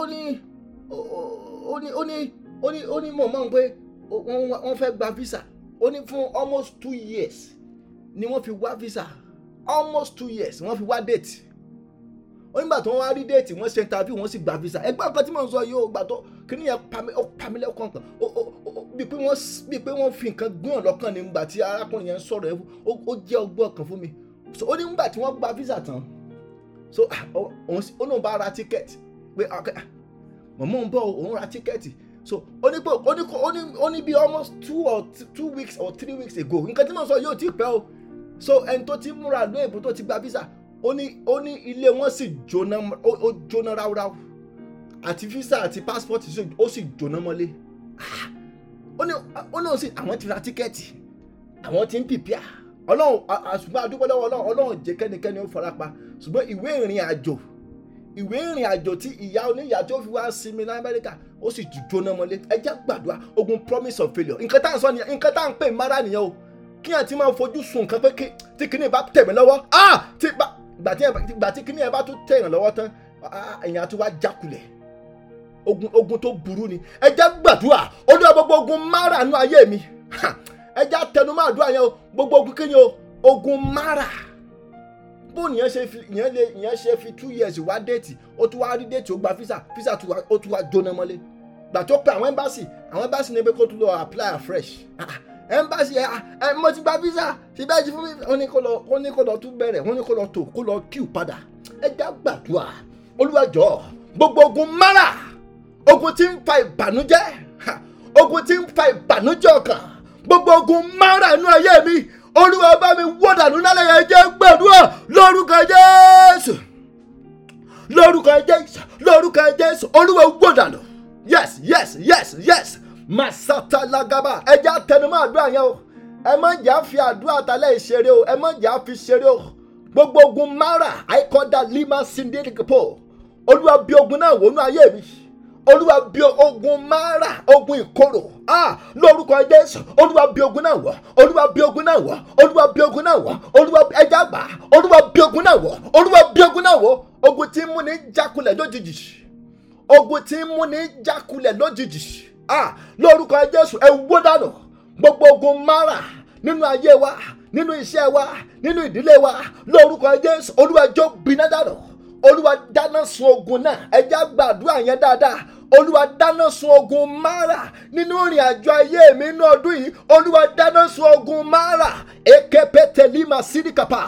ó ní ó ní ó ní ó ní ó ní mọ̀ mọ́ pé wọ́n fẹ́ gba visa ó ní fún almost two years ni wọ́n fi wá visa almost two years wọ́n fi wá date ó nígbà tó wọ́n wá rí déètì wọ́n ṣe interview wọ́n sì gba visa ẹgbẹ́ ọ̀kan tí mò ń sọ yìí ó gbà tó kíní yẹn pamílẹ̀ kọ̀ọ̀kan bíi pé wọ́n bíi pé wọ́n fi nǹkan gbọ́n lọ́kàn ní ìgbà tí arákùnrin yẹn ń sọ̀rọ̀ ẹ̀ ó jẹ́ ọgbọ́n kan fún mi so ó ní nígbà tí wọ́n gba visa tán so ó lóun bá ra ticket pé ah, ah, mọ̀mọ́ ń bọ̀ òun ra tíkẹ́ẹ̀tì so ó ní pé ó ní ó ó ní bí almost two or two weeks or three weeks ago nǹkan tí mo sọ yóò ti pẹ́ o so ẹni tó ti múra lóyún ìbò tó ti gba visa ó ní ó ní ilé wọn sì jóná ó jóná ráúráú àti visa àti passport ó sì jóná mọ́lé ah! ó ní ó náà sì àwọn ti ra tíkẹ́ẹ̀tì àwọn ti ń pìpìà ọlọ́run àṣùgbọ́n adúgbò lọ́wọ́ ọlọ́run ọlọ́run jẹ́ kẹ́nikẹ́ni ó farapa ṣùgbọ́n ìwé ìrìn àjò ìwé ìrìn àjò tí ìyá oníyà tó fi wá sinmi ní amẹ́ríkà ó sì tún jóná mọ́lé ẹ jẹ́ gbàdúrà ogun promise of failure nǹkan tá à ń sọ nìyẹn nǹkan tá à ń pè mara nìyẹn o kí ẹ̀ ti máa fojú sùn nǹkan pé tí kìnìún bá tẹ̀ mí lọ́wọ́ ah tí gbà tí kìnìún bá tún tẹ̀ yàn lọ́wọ́ tán èèyàn àti wá jákulẹ̀ ogun ogun tó burú ni ẹ jẹ́ gbàdúrà olúwa gbogbo ogun mara nínú ayé mi ẹ jẹ́ àtẹnumọ́ àdúrà yẹn o gbogbo ogun kí ni o ogun mara bó nìyẹn ṣe fi ìyẹn lè ìyẹn ṣe fi two years wá déètì ó tún wá rí déètì ó gba visa visa ó tún wá jóná mọ́lé gbà tó pe àwọn embassy àwọn embassy ní pé kó tún lọ apply afresh ah, ah, embassy ẹ ah, ẹ mo ti gba visa ti bẹ́ẹ̀ jí fún mi ó ní kó lọ ó ní kó lọ tún bẹ̀rẹ̀ ó ní kó lọ tó kó lọ kíw padà ẹ já gbàdúrà olúwàjọ gbogbo ogun mara ogun tí ń fa ìbànújẹ́ ogun tí ń fa ìbànújẹ́ ọkàn gbogbo ogun mara inú ayé mi olúwa mi wọ́dà nínú alẹ́ yẹn jẹ́ gbàdúrà satalagaba ẹja tẹnumọ́ àdúrà yẹn o ẹ má jà fi àdúrà àtàlẹ́ ìṣeré o ẹ má jà fi ṣeré o gbogbo ogun mara àìkọ́dà lima sindiripo olúwa bí ogun náà wọnú ayé mi olúwa bí ogun mara ogun ìkorò ah lórúkọ jésù olúwa bí ogun náà wọ olúwa bí ogun náà wọ olúwa bí ogun náà wọ olúwa ẹja gbà olúwa bí ogun náà wọ olúwa bí ogun náà wọ ogun tí ń múni jákulẹ̀ lójijì ogun tí ń múni jákulẹ̀ lójijì. ah lórúkọ jésù ẹ wó dànù gbogbo ogun mara nínú ayé wa nínú iṣẹ́ wa nínú ìdílé wa lórúkọ jésù olúwa jó gbiná dànù olúwa dáná sun ogun náà ẹ já gbàdúrà yẹn dáadáa olúwa dáná sun ogun mara nínú ìrìn àjò ayé mi inú ọdún yìí olúwa dáná sun ogun mara èké pété lima sídìkàpà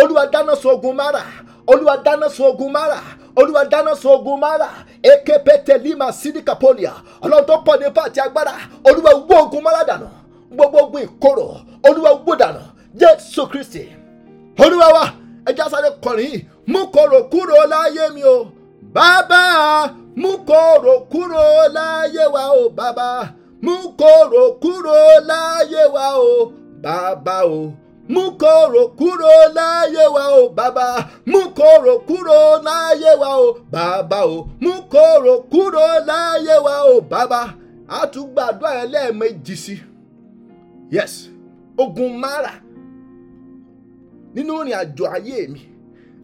olúwa dáná sun ogun mara olúwa dáná sun ogun mara olúwa dáná sun ogun mara eke pété lima sídìkà pọ́nìyà ọlọ́run tó pọ̀ nípa àti agbára olúwa wó ogun mara dànù gbogbo ogun ìkorò olúwa wó dànù jésù kristi olúwa wa ẹja sáré kọrin mú korò kúrò láyé mi o bàbá mú korò kúrò láyé wa o bàbá mú korò kúrò láyé wa o bàbá o. mú kòrò kúrò láyé wa o bàbá mú kòrò kúrò láyé wa o bàbá o mú kòrò kúrò láyé wa o bàbá a tún gbàdúrà ẹ lẹ́ẹ̀mejì sí yes ogun mara nínú ìrìn àjò ayé mi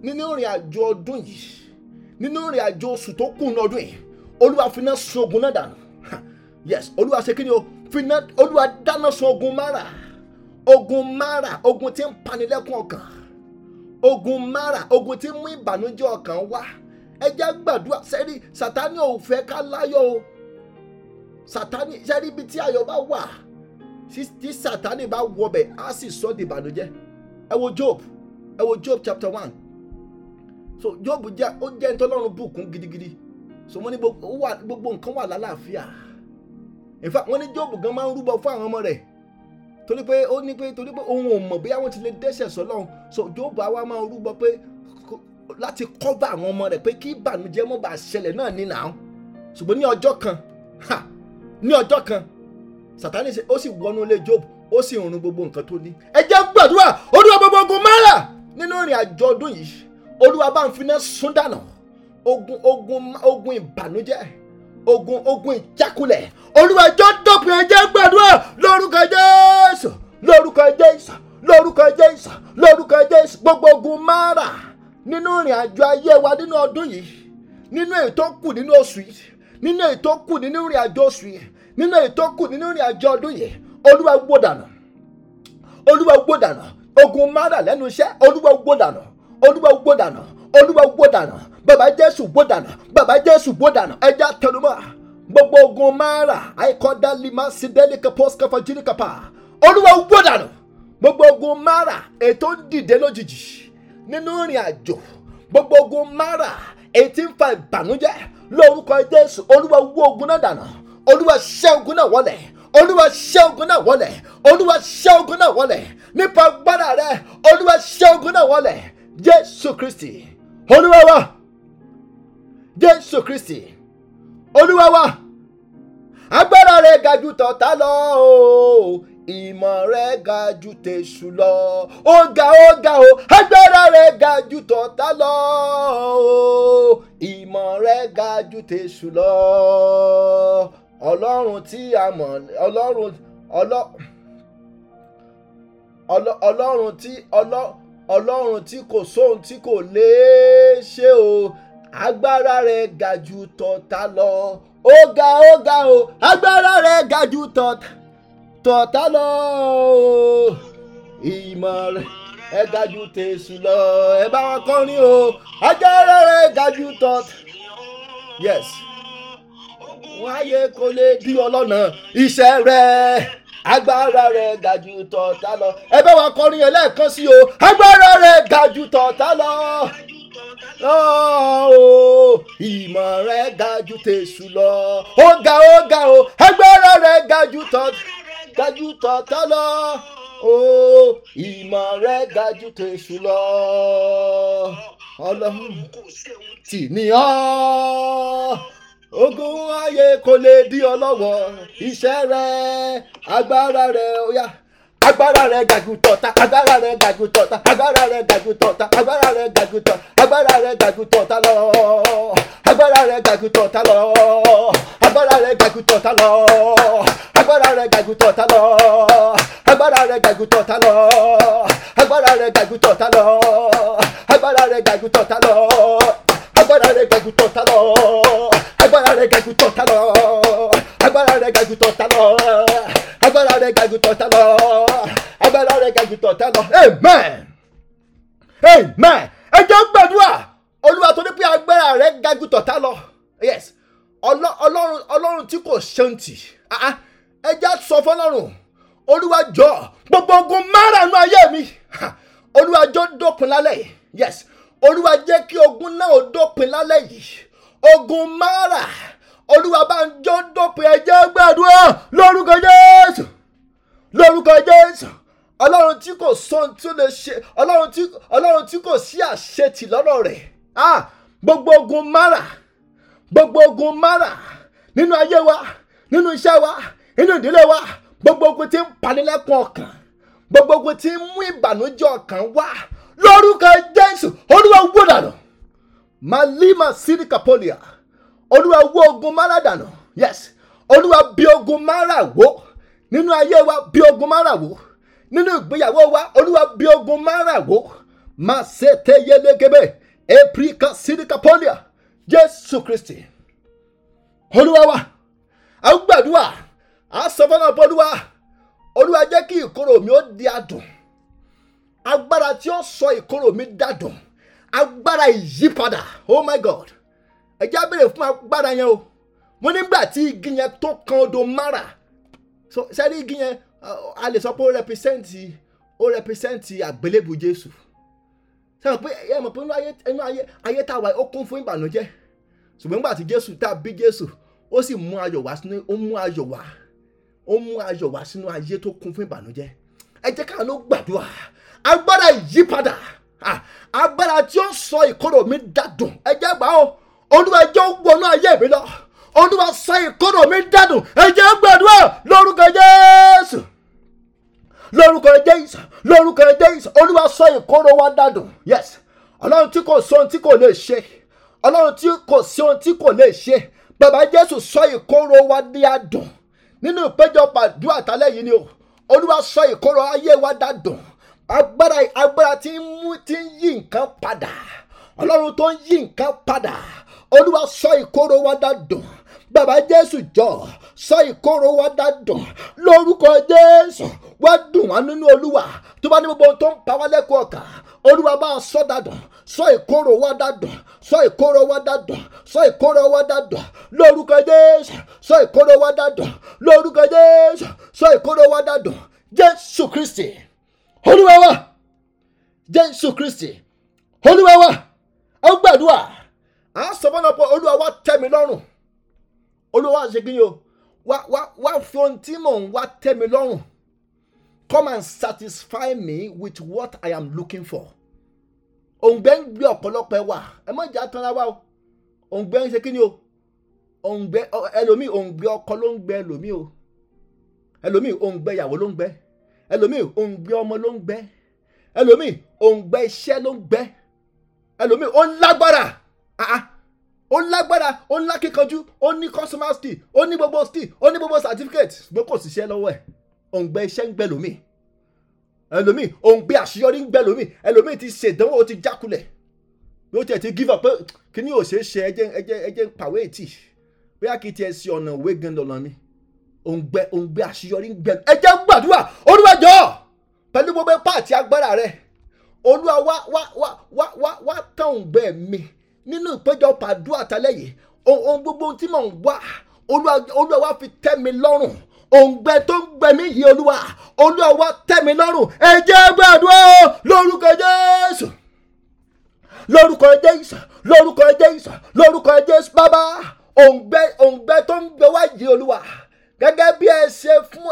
nínú ìrìn àjò ọdún yìí nínú ìrìn àjò oṣù tó kù lọ́dún yìí olúwa fi náà sun ogun náà dànù yes olúwa ṣe kí ni o fi náà olúwa dáná sun ogun mara. ogun mara ogun tí ń panilẹ́kún ọkàn ogun mara ogun tí ń mú ìbànújẹ́ ọkàn wá ẹ jẹ́ gbàdúrà sẹ́rí sátani ò fẹ́ ká láyọ̀ o sátani sẹ́rí ibi tí ayọ̀ bá wà tí sátani bá wọbẹ̀ á sì sọ di ìbànújẹ́ ẹ wo Job ẹ wo Job chapter one so Job jẹ́ ó jẹ́ ntọ́lọ́run bùkún gidigidi so wọ́n ní gbogbo nǹkan wà lálàáfíà in fact wọ́n ní Job gan máa ń rúbọ fún àwọn ọmọ rẹ̀ torí pé ó ní pé torí pé òun ò mọ̀ bóyá wọ́n ti lè dẹ́ṣẹ̀ sọ́lọ́run so Jóòbù àwa máa rúbọ pé láti kọ́bà àwọn ọmọ rẹ̀ pé kí ìbànújẹ́ mọ́ bá ṣẹlẹ̀ náà ní nàá ṣùgbọ́n ní ọjọ́ kan ní ọjọ́ kan Sátánì ó sì wọnú ilé Jóòbù ó sì run gbogbo nǹkan tó ní. ẹ jẹ́ gbàdúrà olúwa gbogbo ogun mara nínú ìrìn àjọ ọdún yìí olúwa bá ń finá sún dànù ogun ìbànújẹ́ ogun ogun ìjákulẹ̀ olúwa jọ dópin ẹjẹ́ gbàdúrà lórúkọ jésù lórúkọ jésù lórúkọ jésù lórúkọ jésù gbogbo ogun mara nínú ìrìn àjò ayé wa nínú ọdún yìí nínú èyí tó kù nínú oṣù yìí nínú èyí tó kù nínú ìrìn àjò oṣù yìí nínú èyí tó kù nínú ìrìn àjò ọdún yìí olúwa ogun mara lẹ́nu iṣẹ́ olúwa gbó dànù olúwa olúwa wó dànù bàbá jésù wó dànù bàbá jésù wó dànù ẹja tẹnumọ́ gbogbo ogun mara àìkọ́dá lima sidelika pọ́sikẹ́fà jírikapa olúwa wó dànù gbogbo ogun mara ètò ń dìde lójijì nínú ìrìn àjò gbogbo ogun mara ètí ń fa ìbànújẹ́ lórúkọ jésù olúwa wó ogun náà dànù olúwa ṣẹ́ ogun náà wọlẹ̀ olúwa ṣẹ́ ogun náà wọlẹ̀ olúwa ṣẹ́ ogun náà wọlẹ̀ nípa agbára rẹ olúwa ṣẹ́ ogun náà wọlẹ̀ jésù kristi olúwa wa jésù kristi olúwa wa agbára rẹ̀ ga jù tọ̀tá lọ o ìmọ̀ rẹ̀ ga jù tèṣù lọ ó ga ó ga o agbára rẹ̀ ga jù tọ̀tá lọ o ìmọ̀ rẹ̀ ga jù tèṣù lọ ọlọ́run tí a mọ̀ ọlọ́run ọlọ́run tí ọlọ́run ọlọ́run tí kò sóhun tí kò lè ṣe o agbára rẹ̀ ga ju tọ̀tá lọ ó ga ó ga o agbára rẹ̀ ga ju tọ̀tá lọ o ìmọ̀ rẹ̀ ẹ ga ju tèṣù lọ ẹ bá wọn kọrin o agbára rẹ̀ ga ju tọ̀tá yes wọ́n á lè di ọlọ́nà iṣẹ́ rẹ̀ agbára rẹ̀ ga jù tọ̀tá lọ. ẹ bá wa kọrin yẹn lẹ́ẹ̀kan sí o agbára rẹ̀ ga jù tọ̀tá lọ. ìmọ̀ rẹ̀ ga jù tèṣù lọ. ó ga ó ga o agbára rẹ̀ ga jù tọ̀tá lọ. ìmọ̀ rẹ̀ ga jù tèṣù lọ. ọlọ́run tì ní ọ́ ogun ayé kò lè di ọlọ́wọ́ iṣẹ́ rẹ̀ agbára rẹ̀ ó yá agbára rẹ gàjù tọ̀tà agbára rẹ gàjù tọ̀tà agbára rẹ gàjù tọ̀tà agbára rẹ gàjù tọ̀tà agbára rẹ gàjù tọ̀tà lọ agbára rẹ gàjù tọ̀tà lọ agbára rẹ gàjù tọ̀tà lọ agbára rẹ gàjù tọ̀tà lọ agbára rẹ gàjù tọ̀tà lọ agbára rẹ gàjù tọ̀tà lọ agbára rẹ gàjù tọ̀tà lọ agbára rẹ̀ gàgù tọ̀tà lọ agbára rẹ̀ gàgù tọ̀tà lọ agbára rẹ̀ gàgù tọ̀tà lọ agbára rẹ̀ gàgù tọ̀tà lọ agbára rẹ̀ gàgù tọ̀tà lọ amen amen ẹ jẹ́ gbàdúrà olúwa tó ní pé agbára rẹ̀ gàgù tọ̀tà lọ yes ọlọ́run ọlọ́run tí kò ṣẹ́ǹtì ah, ah. ẹ jẹ́ sọ fọlọ́run olúwa jọ gbogbo ogun márùn-ún ayé mi olúwa jọ dókun lálẹ́ yes olúwa jẹ́ kí ogun náà ó dópin lálẹ́ yìí ogun mara olúwa bá ń jó dópin ẹjẹ́ gbàdúrà lórúkọ jésù lórúkọ jésù ọlọ́run tí kò sọ́n tí ó lè ṣe ọlọ́run tí ọlọ́run tí kò sí àṣetì lọ́rọ̀ rẹ̀ ah gbogbo ogun mara gbogbo ogun mara nínú ayé wa nínú iṣẹ́ wa nínú ìdílé wa gbogbo ogun tí ń panilẹ́kùn ọkàn gbogbo ogun tí ń mú ìbànújẹ́ ọkàn wá lórúkọ jésù olúwa wó dànù malima sirikapolia olúwa wó ogun mara dànù yes olúwa bí ogun mara wo nínú ayé wa bí ogun mara wo nínú ìgbéyàwó wa olúwa bí ogun mara wó má ṣe tẹyẹlẹgẹbẹ aprika sirikapolia jésù kristi olúwa wa a gbàdúrà a sọ olúwa jẹ́ kí ìkorò mi ó di adùn agbára tí ó sọ ìkorò mi dàdùn agbára ìyípadà oh my god ẹ jẹ́ abẹ́rẹ́ fún agbára yẹn o mo nígbà tí igi yẹn tó kan odò mara sẹ́rí igi yẹn a lè sọ pé ó rẹpẹsẹ́ǹtì ó rẹpẹsẹ́ǹtì àgbélébù jésù sẹ́wọ̀n pé ẹ mọ̀ pé inú ayé ayé tá a wà ó kún fún ìbànújẹ́ ṣùgbọ́n nígbà tí jésù tá a bí jésù ó sì mú ayọ̀ wá sínú ó mú ayọ̀ wá ó mú ayọ̀ wá sínú ayé tó kún fún ìbànújẹ́ ẹ jẹ́ ká ló gbàdúrà agbára ìyípadà agbára tí ó sọ ìkorò mi dàdùn ẹjẹ gbà ó olúwa ẹjẹ wọnú ayé mi lọ olúwa sọ ìkorò mi dàdùn ẹjẹ gbàdúrà lórúkọ jésù lórúkọ jésù lórúkọ jésù olúwa sọ ìkorò wa dàdùn yes ọlọ́run tí kò sí ohun tí kò lè ṣe ọlọ́run tí kò sí ohun tí kò lè ṣe bàbá jésù sọ ìkorò wa di adùn nínú ìpéjọpọ̀ àdúrà tálẹ̀ yìí ni o olúwa sọ ìkorò ayé wa dàdùn agbára agbára tí ń mú tí ń yí nǹkan padà ọlọ́run tó ń yí nǹkan padà olúwa sọ ìkorò wa dá dùn bàbá jésù jọ sọ ìkorò wa dá dùn lórúkọ jésù wá dùn wá nínú olúwa tó bá ní gbogbo ohun tó ń pa wá lẹ́kọ̀ọ́ ọkàn olúwa bá a sọ dandan sọ ìkorò wa dandan sọ ìkorò wa dandan sọ ìkorò wa dandan lórúkọ jésù sọ ìkorò wa dandan lórúkọ jésù sọ ìkorò wa dandan jésù kristi olúwa wa jésù kristi olúwa wa a ń gbàdúrà à ń sọ fọ́nà pé olúwa wa lọ́rùn olúwa wa ṣe kíni o wá wá wá fi ohun tí mò ń wá tẹ́ lọ́rùn come and satisfy me with what I am looking for òǹgbẹ ń gbé ọ̀pọ̀lọpọ̀ ẹ wà ẹ mọ̀ ìjà tán láwa o òǹgbẹ ń ṣe kíni o òǹgbẹ ẹlòmíì òǹgbẹ ọkọ ló ń gbẹ ẹlòmíì o ẹlòmíì òǹgbẹ ìyàwó ló ń gbẹ ẹlòmíì òǹgbẹ ọmọ ló ń gbẹ ẹlòmíì òǹgbẹ iṣẹ́ ló ń gbẹ ẹlòmíì ó ń lágbára ó ń lágbára ó ń lákíkanjú ó ní customer skill ó ní gbogbo skill ó ní gbogbo certificate pé kò síṣẹ́ lọ́wọ́ ẹ̀ òǹgbẹ iṣẹ́ ń gbẹ lòmíì ẹlòmíì òǹgbẹ àṣeyọrí ń gbẹ lòmíì ẹlòmíì ti ṣèdánwò ti jákulẹ̀ bí ó tiẹ̀ ti give up pé kí ni ò ṣeé ṣe ẹ jẹ́ ẹ jẹ́ ẹ jẹ́ pàwé ètì bóyá kí tiẹ̀ ṣe ọ̀nà òwe gan lọ́nà mi òǹgbẹ òǹgbẹ àṣeyọrí ń gbẹ ẹ jẹ́ gbàdúrà olúwàjọ́ pẹ̀lú gbogbo pààtì agbára rẹ olúwa wá wá wá wá wá wá tán òǹgbẹ mi nínú ìpéjọ pàdúrà tálẹ̀ yìí ohun gbogbo tí mò ń wá olúwa wá fi tẹ́ mi lọ́rùn òǹgbẹ tó ń gbẹ mí yìí olúwa olúwa wá tẹ́ mi lọ́rùn ẹ jẹ́ gbàdúrà lórúkọ jésù lórúkọ jésù lórúkọ jésù lórúkọ jésù bàbá òǹgbẹ òǹgbẹ tó ń gbẹ wá yìí olúwa gẹ́gẹ́ bí ẹ ṣe fún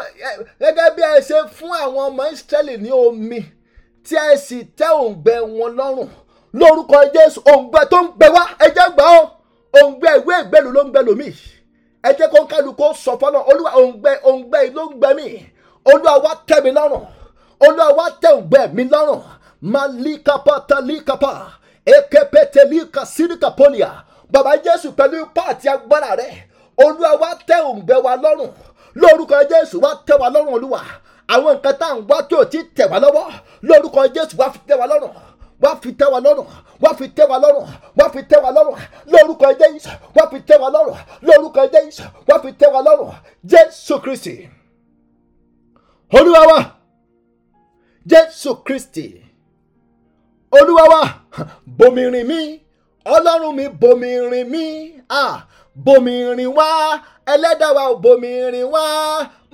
gẹ́gẹ́ bí ẹ ṣe fún àwọn ọmọ Ísírẹ́lì ní omi tí ẹ sì tẹ́ òǹgbẹ wọn lọ́rùn lórúkọ Jésù òǹgbẹ tó ń gbẹ wá ẹ jẹ́ gbà ó òǹgbẹ ìwé ìgbẹ́lu ló ń gbẹ lómi ẹ jẹ́ kó kálukó sọ fọ́nà olúwa òǹgbẹ òǹgbẹ ló ń gbẹ mí olúwa wá tẹ́ mi lọ́rùn olúwa wá tẹ́ òǹgbẹ mi lọ́rùn malikapa talikapa ekepeteli kasirikapolia baba Jésù pẹ̀lú ipá àti agbára rẹ̀ olúwa wá tẹ òǹgbẹ wa lọ́rùn lórúkọ jésù wá tẹ wa lọ́rùn olúwa àwọn nǹkan tá à ń wá tí ò ti tẹ̀ wá lọ́wọ́ lórúkọ jésù wá fi tẹ wa lọ́rùn wá fi tẹ́ wa lọ́rùn wá fi tẹ́ wa lọ́rùn wá fi tẹ́ wa lọ́rùn lórúkọ jésù wá fi tẹ́ wa lọ́rùn lórúkọ jésù wá fi tẹ́ wa lọ́rùn jésù kristi olúwa wa jésù kristi olúwa wa bomi mi ọlọ́run mi bomi mi ah bomi rin wá ẹlẹ́dàá wa ò bomi rin wá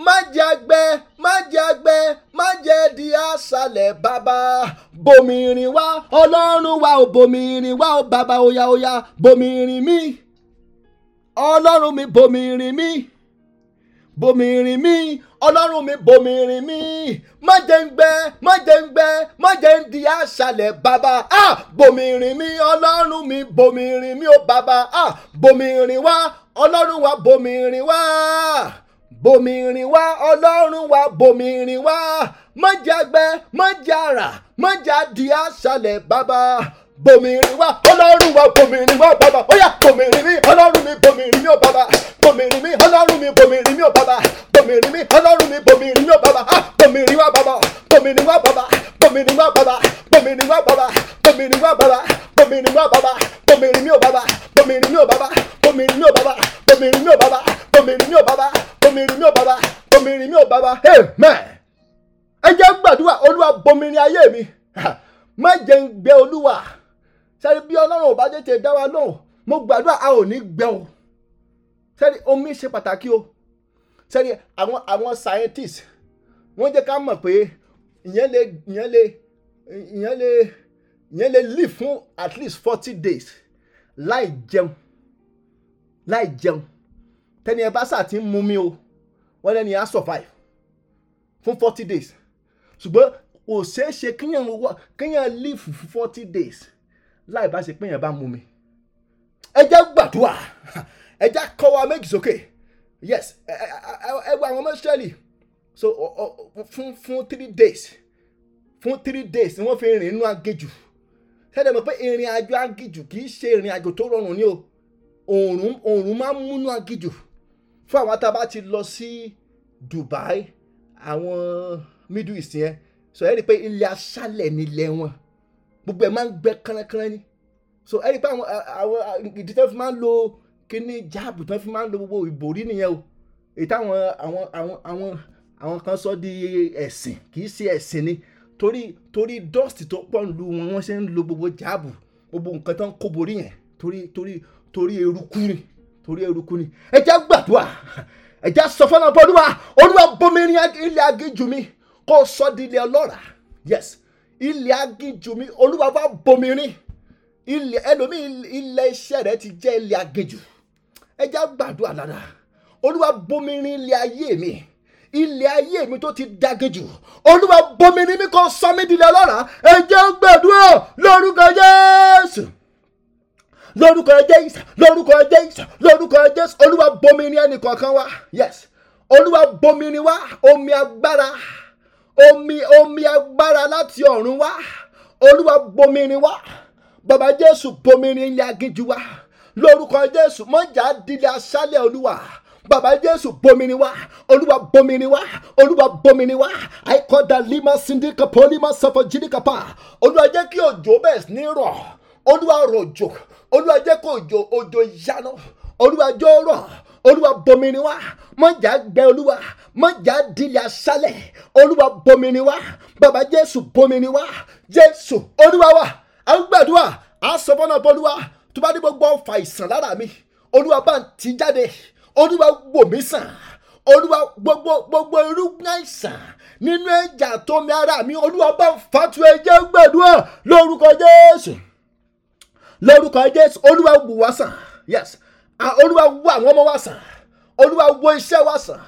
má jẹ́ àgbẹ̀ má jẹ́ àgbẹ̀ má jẹ́ di àṣàlẹ̀ bàbá bomi rin wá ọlọ́run wa ò bomi rin wá ò bàbá oya oya bomi mi ọlọ́run mi bomi mi bomi mi ọlọ́run mi bomirin mi má jẹ́ ń gbẹ má jẹ́ ń gbẹ má jẹ́ ń di àṣàlẹ̀ bàbá ah bomirin mi ọlọ́run mi bomirin mi ó bàbá ah bomirin wá ọlọ́run wa bomirin wá bomirin wá ọlọ́run wa bomirin wá má jẹ́ gbẹ má jẹ́ àrà má jẹ́ di àṣàlẹ̀ bàbá bòmìnrin wá ọlọ́run wá bòmìnrin wá bàbá ó yá mi ọlọ́run mi bòmìnrin mi ò bàbá bòmìnrin mi ọlọ́run mi bòmìnrin mi ò bàbá bòmìnrin mi ọlọ́run mi bòmìnrin mi ò bàbá bòmìnrin wá bàbá bòmìnrin wá bàbá bòmìnrin wá bàbá bòmìnrin wá bàbá bòmìnrin wá bàbá bòmìnrin wá bàbá bòmìnrin mi ò bàbá bòmìnrin mi ò bàbá bòmìnrin mi ò bàbá bòmìnrin mi ò bàbá bòmìnrin mi ò bàbá bòmìnrin mi ò bàbá bòmìnrin mi ò bàbá amen ẹ jẹ́ gbàdúrà olúwa bòmìnrin ayé mi má jẹ́ ń gbé olúwa sẹ́ni bí ọlọ́run ò bá tètè dá wa lóhùn mo gbàdúrà a ò ní gbẹ o sẹ́ni omi ṣe pàtàkì o sẹ́ni àwọn àwọn scientist wọ́n jẹ́ ká mọ̀ pé ìyẹn lè ìyẹn lè ìyẹn lè ìyẹn lè live fún at least forty days láì jẹun láì jẹun tẹ́ni ẹ bá sà ti ń mu mi o wọ́n lẹ́ni á survive fún forty days ṣùgbọ́n kò ṣeé ṣe kéèyàn live fún forty days láì bá ṣe pé èèyàn bá mú mi ẹ jẹ́ gbàdúrà ẹ jẹ́ wa méjì sókè yes ẹ wọ àwọn ọmọ Ísírẹ́lì so fún fún three days fún three days ni wọ́n fi rìn inú aginjù sẹ́dẹ̀ mọ̀ pé ìrìn àjò aginjù kì í ṣe ìrìn àjò tó rọrùn ni o òòrùn òòrùn máa ń múnú aginjù fún àwọn tá a bá ti lọ sí Dubai àwọn Middle East yẹn so ẹ rí i pé ilẹ̀ aṣálẹ̀ ni ilẹ̀ wọn gbogbo ẹ̀ máa ń gbẹ kánrankánra ni so ẹ rí i pé àwọn àwọn ìdí tó fi máa ń lo kíní jáàbù tó fi máa ń lo gbogbo ìbòrí nìyẹn o èyí táwọn àwọn àwọn àwọn àwọn kan sọ di ẹ̀sìn kì í ṣe ẹ̀sìn ni torí torí dust tó pọ̀ ń lu wọn wọ́n ṣe ń lo gbogbo jáàbù gbogbo nǹkan tó ń kó borí yẹn torí torí torí eruku ni torí eruku ni ẹ jẹ́ gbàdúrà ẹ jẹ́ sọ fún ọlọ́pàá olúwa olúwa bomi ní ilé aginjù mi kó sọ di ilé ọlọ́ràá yes ilẹ̀ aginjù mi olúwa bá bomi rin ilẹ̀ ẹlòmíì ilẹ̀ iṣẹ́ rẹ ti jẹ́ ilẹ̀ aginjù ẹja gbàdúrà lára olúwa bomi rin ilẹ̀ ayé mi ilẹ̀ ayé mi tó ti daginjù olúwa bomi rin mi kò sọ mí dilẹ̀ ọlọ́ràá ẹja gbàdúrà lórúkọ Jésù lórúkọ Jésù lórúkọ Jésù lórúkọ Jésù olúwa bomi ẹnì kọ̀ọ̀kan wa yes olúwa bomi wa omi agbára omi omi agbára láti ọ̀run wá olúwa bomirin wá bàbá jésù bomirin ilé aginjù wá lórúkọ jésù mọ́jà dídá aṣálẹ̀ olúwa bàbá jésù bomirin wá olúwa bomirin wá olúwa bomirin wá àìkọ́dà lima sindika polima sọfọ jìnnìkapa olúwa jẹ́ kí òjò bẹ́ẹ̀ ní rọ̀ olúwa rọ̀jò olúwa jẹ́ kí òjò òjò yanu olúwa jọ rọ̀ olúwa bomirin wá mọ́jà gbẹ olúwa mọ̀jà dilẹ̀ aṣálẹ̀ olúwa bomi ni wá bàbá jésù bomi ni wá jésù olúwa wa à ń gbàdúrà à ń sọ fọ́nà bọ́lúwa tó bá ní gbogbo ọ̀fà ìsàn lára mi olúwa bá ń ti jáde olúwa wò mí sàn olúwa gbogbo gbogbo irúgbìn àìsàn nínú ẹ̀jà tó mi ara mi olúwa bá ń fatu ẹ̀jẹ̀ gbàdúrà lórúkọ jésù lórúkọ jésù olúwa wò wá sàn yes olúwa wò àwọn ọmọ wá sàn olúwa wò iṣẹ́ wá sàn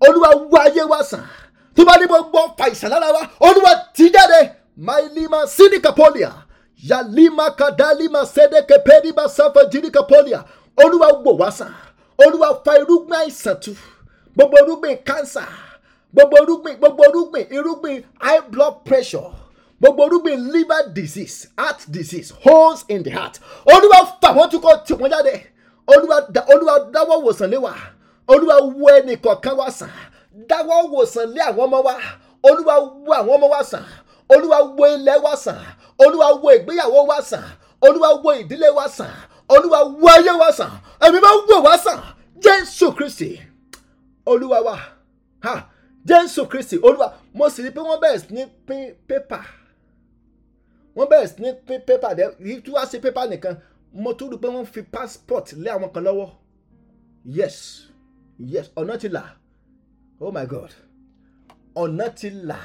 olúwa wá ayé wa sàn tó bá ní gbogbo fàìsàn lára wa olúwa ti jáde mailima sinikapolia yalima kadalima sedekepedima safajirikapolia olúwa wò wá sàn olúwa fa irúgbìn àìsàn tu gbogbo irúgbìn cancer gbogbo irúgbìn gbogbo irúgbìn irúgbìn high blood pressure gbogbo irúgbìn liver disease heart disease holes in the heart olúwa fà wọ́n tún kọ́ tí wọ́n jáde olúwa dáwọ́ wòsàn lé wa olúwa wo ẹnìkọ̀ọ̀kan wa sàn dáwọ́ wòsàn lé àwọn ọmọ wa olúwa wo àwọn ọmọ wa sàn olúwa wo ilẹ̀ wa sàn olúwa wo ìgbéyàwó wa sàn olúwa wo ìdílé wa sàn olúwa wo ayé wa sàn ẹ̀mí máa wò wá sàn jésù kristi olúwa wa ha jésù kristi olúwa mo sì rí i pé wọ́n bẹ̀rẹ̀ sí ní pín pépà wọ́n bẹ̀rẹ̀ sí ní pín pépà dẹ́ yìí tí wàá ṣe pépà nìkan mo tún rí pé wọ́n fi passport lé àwọn kan lọ́wọ́ yes yes ọ̀nà ti là oh my god ọ̀nà ti là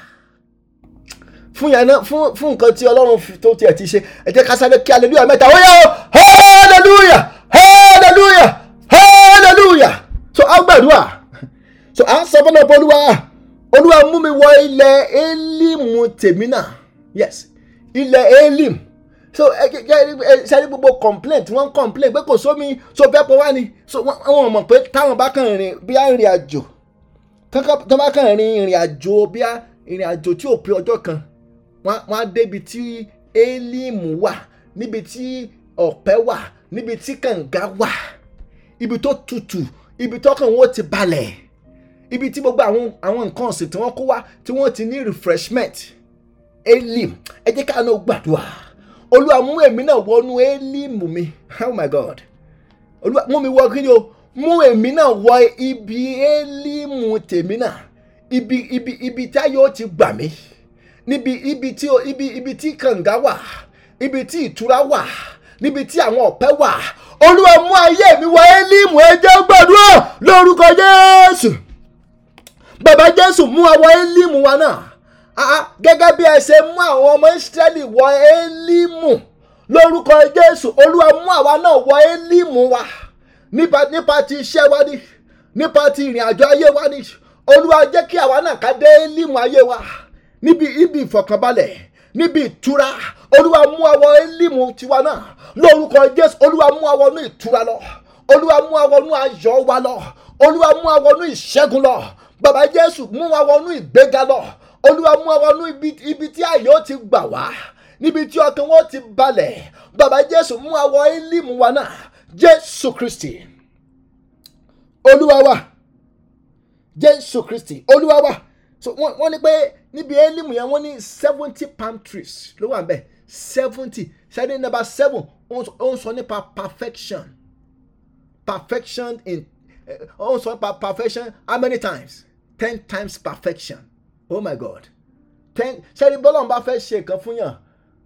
fún yẹn náà fún fún nǹkan tí ọlọ́run tó tiẹ̀ ti ṣe ẹ jẹ́ ká sáré kí hallelujah mẹ́ta ó yá o hallelujah hallelujah hallelujah so a gbàdúrà so à ń sọ fún ọ̀pọ̀ olúwa olúwa mú mi wọ ilẹ̀ elimu tèmi yes ilẹ̀ elimu so ẹ ẹ ṣe gbogbo complaint wọ́n complain pé kò sómi so bẹ́ẹ̀ pọ̀ wá ni so wọ́n mọ̀ pé táwọn bá kàn rìn bí á rìn àjò tó bá kàn rìn ìrìn àjò bí á ìrìn àjò tí ò pé ọjọ́ kan wọ́n á débi tí élíìmù wà níbi tí ọ̀pẹ wà níbi tí kànga wà ibi tó tutù ibi tọ́kàn wọn ti balẹ̀ ibi tí gbogbo àwọn àwọn nǹkan ọ̀sìn tí wọ́n kó wá tí wọ́n ti ní refreshment elim ẹ jẹ́ ká náà gbàdúrà olúwa mú èmi náà wọnú élímù mi oh my god olúwa mú mi wọ kí ni o mú èmi náà wọ ibi élímù tèmi náà ibi ibi ibi tí ayé ó ti gbà mí níbi ibi tí o ibi ibi tí kànga wà ibi tí ìtura wà níbi tí àwọn ọ̀pẹ wà olúwa mú ayé mi wọ élímù ẹ jẹ́ gbàdúrà lórúkọ jésù bàbá jésù mú àwọn élímù wa náà Ah, ah, gẹ́gẹ́ bí ẹ ṣe mú àwọn ọmọ Ísírẹ́lì wọ Élímù lórúkọ Jésù Olúwa mú àwa náà wọ Élímù wa nípa ti iṣẹ́ wa ni nípa ti ìrìn àjò ayé wa ni Olúwa jẹ́ kí àwa náà ká dé Élímù ayé wa níbi ibi ìfọ̀kànbalẹ̀ níbi ìtura Olúwa mú àwọ Élímù tiwa náà lórúkọ Jésù Olúwa mú àwọ ní ìtura lọ Olúwa mú àwọ ní ayọ̀ wa lọ Olúwa mú àwọ ní ìṣẹ́gun lọ bàbá Jésù mú àwọ ní ìgbéga lọ olúwa mú ọwọ́ nú ibi tí ààyè ó ti gbà wá níbi tí ọkàn wọn ti balẹ̀ bàbá jésù mú àwọ ílímù wa náà jésù kristi olúwa wa jésù kristi olúwa wa so wọ́n ní pé níbi ílímù yẹn wọ́n ní seventy palm trees ló wà bẹ́ẹ̀ seventy ṣẹ́ni number seven ó ń sọ nípa perfection perfection in ó ń sọ nípa perfection how many times ten times perfection oh my god Ten, ṣẹ́ni bọ́lọ́n bá fẹ́ ṣe nǹkan fún yàn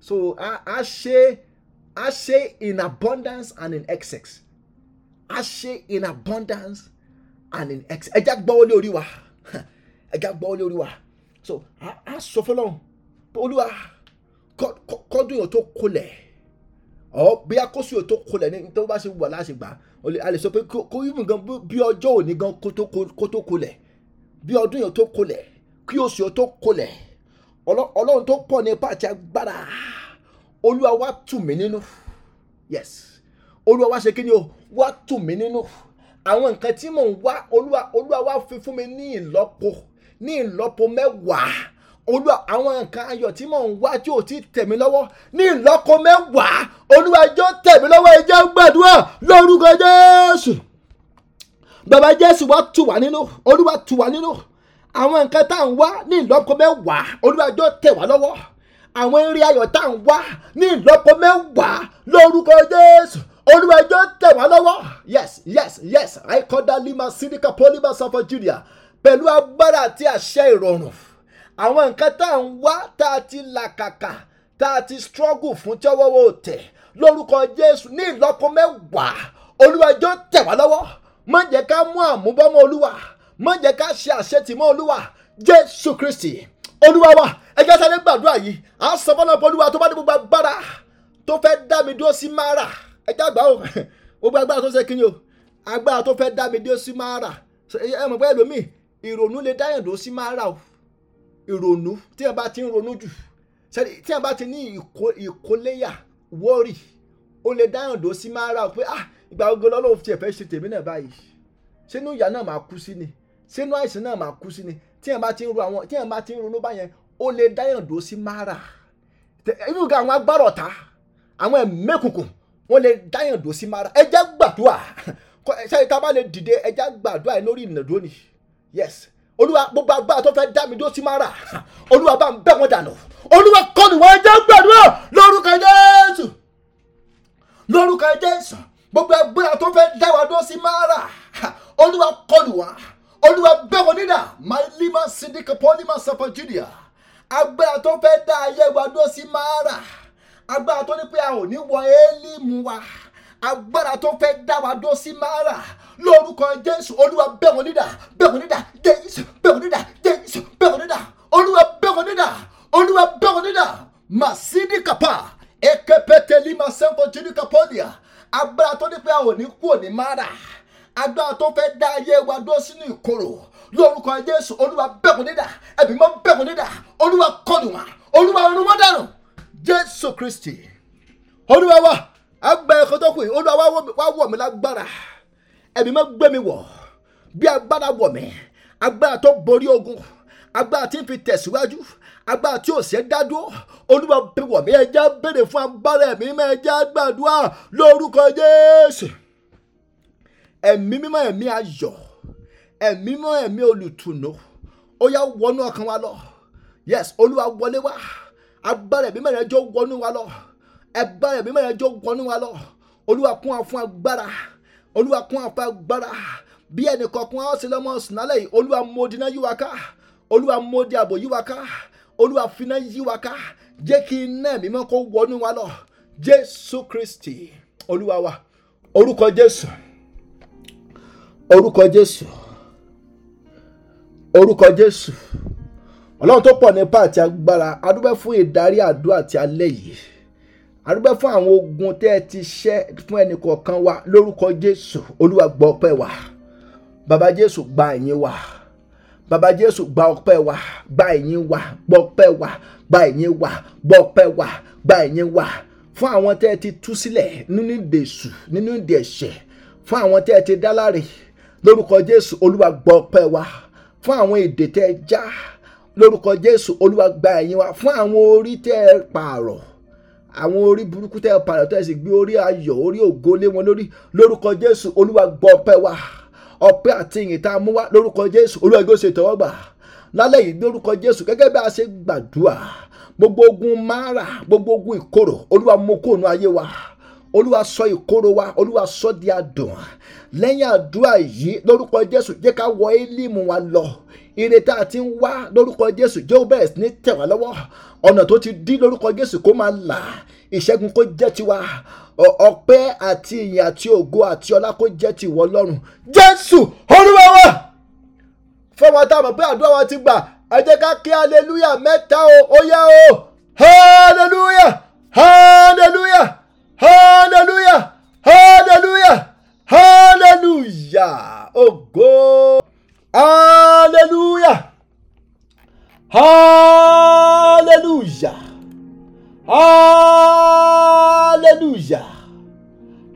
so a ṣe a ṣe in abundance and in excess a ṣe in abundance and in excess ẹja gbọ́wọ́ lé orí wa ẹja gbọ́wọ́ lé orí wa so a sọ fọlọ́n pé olúwa kọ́dún yòó tó kolẹ̀ ọ̀ bí akóso yòó tó kolẹ̀ ní tó bá ṣe wà láṣẹ gbà a lè sọ pé kó yíwùn gan bí ọjọ́ òní gan kó tó kolẹ̀ bí ọdún yòó tó kolẹ̀ kí òṣì ó tó kolẹ̀ ọlọ́run tó pọ̀ nípa àti agbára olúwa wá tù mí nínú yes olúwa wá ṣe kí ni o wá tù mí nínú àwọn nǹkan tí mò ń wá olúwa olúwa wá fi fún mi ní ìlọ́po ní ìlọ́po mẹ́wàá olúwa àwọn nǹkan ayọ̀ tí mò ń wá tí ò ti tẹ̀ mí lọ́wọ́ ní ìlọ́po mẹ́wàá olúwa ẹjọ́ tẹ̀ mí lọ́wọ́ ẹjọ́ gbàdúrà lórúkọ jésù bàbá jésù wá tù wá nínú olúwa tù wá nínú àwọn nǹkan tá à ń wá ní ìlọ́po mẹ́wàá olúwàjọ́ tẹ̀ wá lọ́wọ́ àwọn eré ayọ̀ tá à ń wá ní ìlọ́po mẹ́wàá lórúkọ Jésù olúwàjọ́ tẹ̀ wá lọ́wọ́ yes yes yes àìkọ́dá lima sídìkà pọ́límà sáfọ́ jùlíà pẹ̀lú agbára àti àṣẹ ìrọ̀rùn àwọn nǹkan tá à ń wá tá a ti làkàkà tá a ti struggle fún tí ọwọ́ wo tẹ̀ lórúkọ Jésù ní ìlọ́po mẹ́wàá olúwàjọ́ tẹ̀ wá lọ́wọ́ má jẹ́ ká mú àmúbọ́mọ́ olúwa má jẹ́ ká ṣe àṣetìmọ́ olúwa jésù kristi olúwa wa ẹjẹ́ sáré gbàdúrà yìí à ń sọ fọ́nà olúwa tó bá ní gbogbo agbára tó fẹ́ dá mi dúró sí mara ẹjẹ́ àgbà o gbogbo agbára tó ṣe kí ni o agbára tó fẹ́ dá mi dúró sí mara ẹ mọ̀ pé ẹlòmíì ìrònú lè dáyàn dúró sí mara o ìrònú tí ẹ bá ti ń ronú jù tí ẹ bá ti ní ìkóléyà wọ́ọ̀rì ó lè dáyàn dúró sí mara o pé ah ìgbà gbogbo lọ́lọ́run tiẹ̀ fẹ́ ṣe tèmi náà báyìí sínú ìyá náà máa kú sí ni sínú àìsàn náà máa kú sí ni tí yẹn bá ti ń ro àwọn tí yẹn bá ti ń ronú báyẹn ó lè dáyàn sí mara ibi ga àwọn agbára ọ̀tá àwọn ẹ̀mẹ́kùnkùn wọ́n lè dáyàn sí mara ẹja gbàdúrà ṣáyé tá a bá lè dìde ẹja gbàdúrà yẹn lórí ìnàdúró ni yes olúwa gbogbo agbára tó fẹ́ dá mi dó sí mara olúwa bá ń bẹ́ wọn dànù olúwa kọlù wọn ẹja gbàdúrà lórúkọ jésù lórúkọ jésù gbogbo agbára tó fẹ́ dá wa dó sí mara olúwa kọlù wọn olúwa bẹ́ wọn nídà malima sidika polima safa judea agbára tó fẹ́ dá ayé wa dúró sí mara agbára tó ní pé a ò ní wọ élimu wa agbára tó fẹ́ dá wa dúró sí mara lórúkọ jésù olúwa bẹ́ wọn nídà bẹ́ wọn nídà jésù bẹ́ wọn nídà jésù bẹ́ wọn nídà olúwa bẹ́ wọn nídà olúwa bẹ́ wọn nídà masidika pa ekepete lima safa judea polia agbára tó ní pé a ò ní kú òní mara agbára tó fẹ́ dá ayé wa dúró sínú ìkorò lórúkọ jésù olúwa bẹ́kùn dídà ẹ̀mí mọ́ bẹ́kùn dídà olúwa kọlù wọn olúwa ọ̀run wọn dànù jésù kristi olúwa wa agbẹ ẹ̀kọ́ tó kù yìí olúwa wa wọ̀ mí lágbára ẹ̀mí mọ́ gbé mi wọ̀ bí agbára wọ̀ mí agbára tó borí ogun agbára tí ń fi tẹ̀síwájú agbára tí ò ṣe dádúró olúwa bí wọ̀ mí ẹja béèrè fún agbára ẹ̀mí mẹ́ẹ̀ẹ́dá gbàdúrà lórúkọ jésù ẹ̀mí mímọ́ ẹ̀mí ayọ̀ ẹ̀mí mímọ́ ẹ̀mí olùtùnú ó yá wọnú ọkàn wa lọ yes olúwa wọlé wá agbára ẹ̀mí mẹ́rin ẹjọ́ wọnú wa lọ agbára ẹ̀mí mẹ́rin ẹjọ́ wọnú wa lọ olúwa kún wa fún agbára olúwa kún wa fún agbára bí ẹnìkọ̀ọ̀kan ó sì lọ́mọ sùn lálẹ́ yìí olúwa mòdì náà yí wa ká olúwa mòdì àbò yí wa ká olúwa finá yí wa ká jẹ́ kí iná ẹ̀mí mímọ́ kó wọnú wa lọ jésù kristi olúwa wa orúkọ jésù orúkọ jésù orúkọ jésù ọlọ́run tó pọ̀ nípa àti agbára adúpẹ́ fún ìdarí àdúrà àti alẹ́ yìí adúpẹ́ fún àwọn ogun tẹ́ ẹ ti ṣẹ́ fún ẹnì kọ̀ọ̀kan wa lórúkọ jésù olúwa gbọ́ ọpẹ́ wa bàbá jésù gba ẹ̀yìn wa bàbá jésù gba ọpẹ́ wa gba ẹ̀yìn wa gbọ́ ọpẹ́ wa gba ẹ̀yìn wa gbọ́ ọpẹ́ wa gba ẹ̀yìn wa fún àwọn tẹ́ ẹ ti tú sílẹ̀ nínú ìdèṣù nínú ìdè fún àwọn tẹ́ ẹ ti dá láre lórúkọ jésù olúwa gbọ́ ọpẹ́ wa fún àwọn èdè tẹ́ ẹ já lórúkọ jésù olúwa gba ẹ̀yìn wa fún àwọn orí tẹ́ ẹ pààrọ̀ àwọn orí burúkú tẹ́ ẹ pààrọ̀ sì gbé orí ayọ̀ orí ògo lé wọn lórí lórúkọ jésù olúwa gbọ́ ọpẹ́ wa ọpẹ́ àti ìyìn tá a mú wá lórúkọ jésù olúwa yóò ṣe ìtẹ́wọ́gbà lálẹ́ yìí lórúkọ jésù gẹ́gẹ́ bí a ṣe gbàdúrà gbogbo ogun mara gbogbo ogun ìkorò olúwa mú kóònù ayé wa olúwa sọ ìkorò wa olúwa sọ di adùn lẹ́yìn àdúrà yìí lórúkọ jésù jẹ́ ká wọ élímù wa lọ ire tá a ti ń wá lórúkọ jésù jẹ́ ó bẹ̀rẹ̀ sí ní tẹ̀ wá lọ́wọ́ ọ̀nà tó ti dí lórúkọ jésù kó máa là ìṣẹ́gun kó jẹ́ tiwa ọpẹ́ àti ìyìn àti ògo àti ọlá kó jẹ́ tiwọ lọ́rùn jésù olúwa wa fọwọ́n tá a mọ̀ pé àdúrà wa ti gbà ẹ ká kí hallelujah mẹ́ta o ó yá o hallelujah hallelujah hallelujah hallelujah hallelujah ògo hallelujah hallelujah hallelujah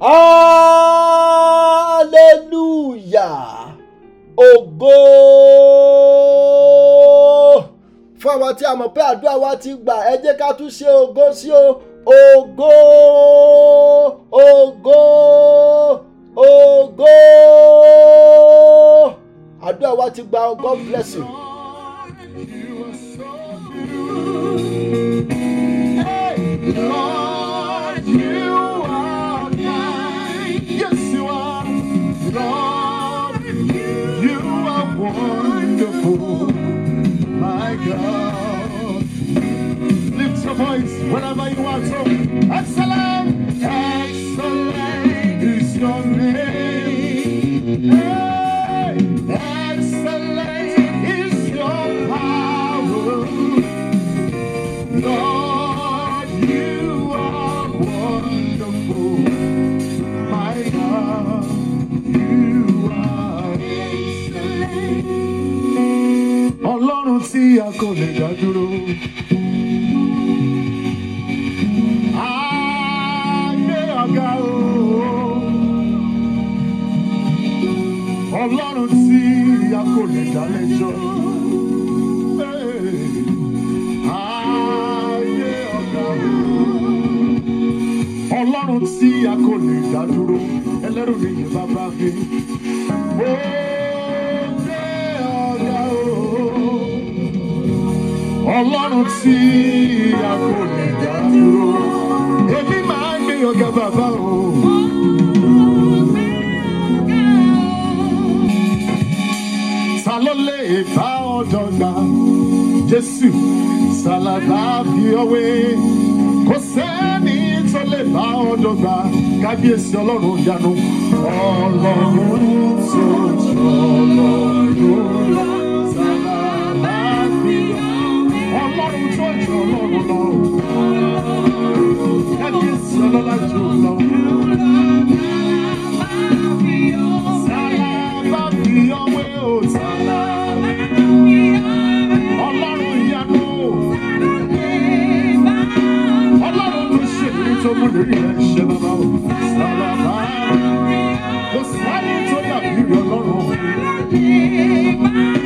hallelujah ògo fún àwa tí a mọ̀ pé àdúrà wa ti gbà ẹ jẹ́ ká tún ṣe ògo sí o ògo ògo ògo àdúrà wa ti gba God bless you. Lord, you are mine. Yes, you are. Lord, you are wonderful, my God. voice wherever you are from. Excellent, excellent is your name. Hey, excellent is your power. Lord, you are wonderful. My God, you are excellent. Ọlọ́run tí a kò dádúró ẹlẹ́rù nìyí bàbá mi. mo dé ọ̀gá o ọlọ́run tí a kò lè dádúró èmi máa ń gbé ọ̀gá bàbá o. ta ló lè bá ọ̀dọ̀ gbà Jésù sàlàbà fi ọwé kò sẹ́ni tó lè bá ọ̀dọ̀ gbà. kábíyèsí ọlọ́run ìyanu ọlọ́run tó jọlọ́run lọ ọlọ́run tó to mọ̀lẹ́rì ẹ̀ ṣe bàbá o. Sàlàbà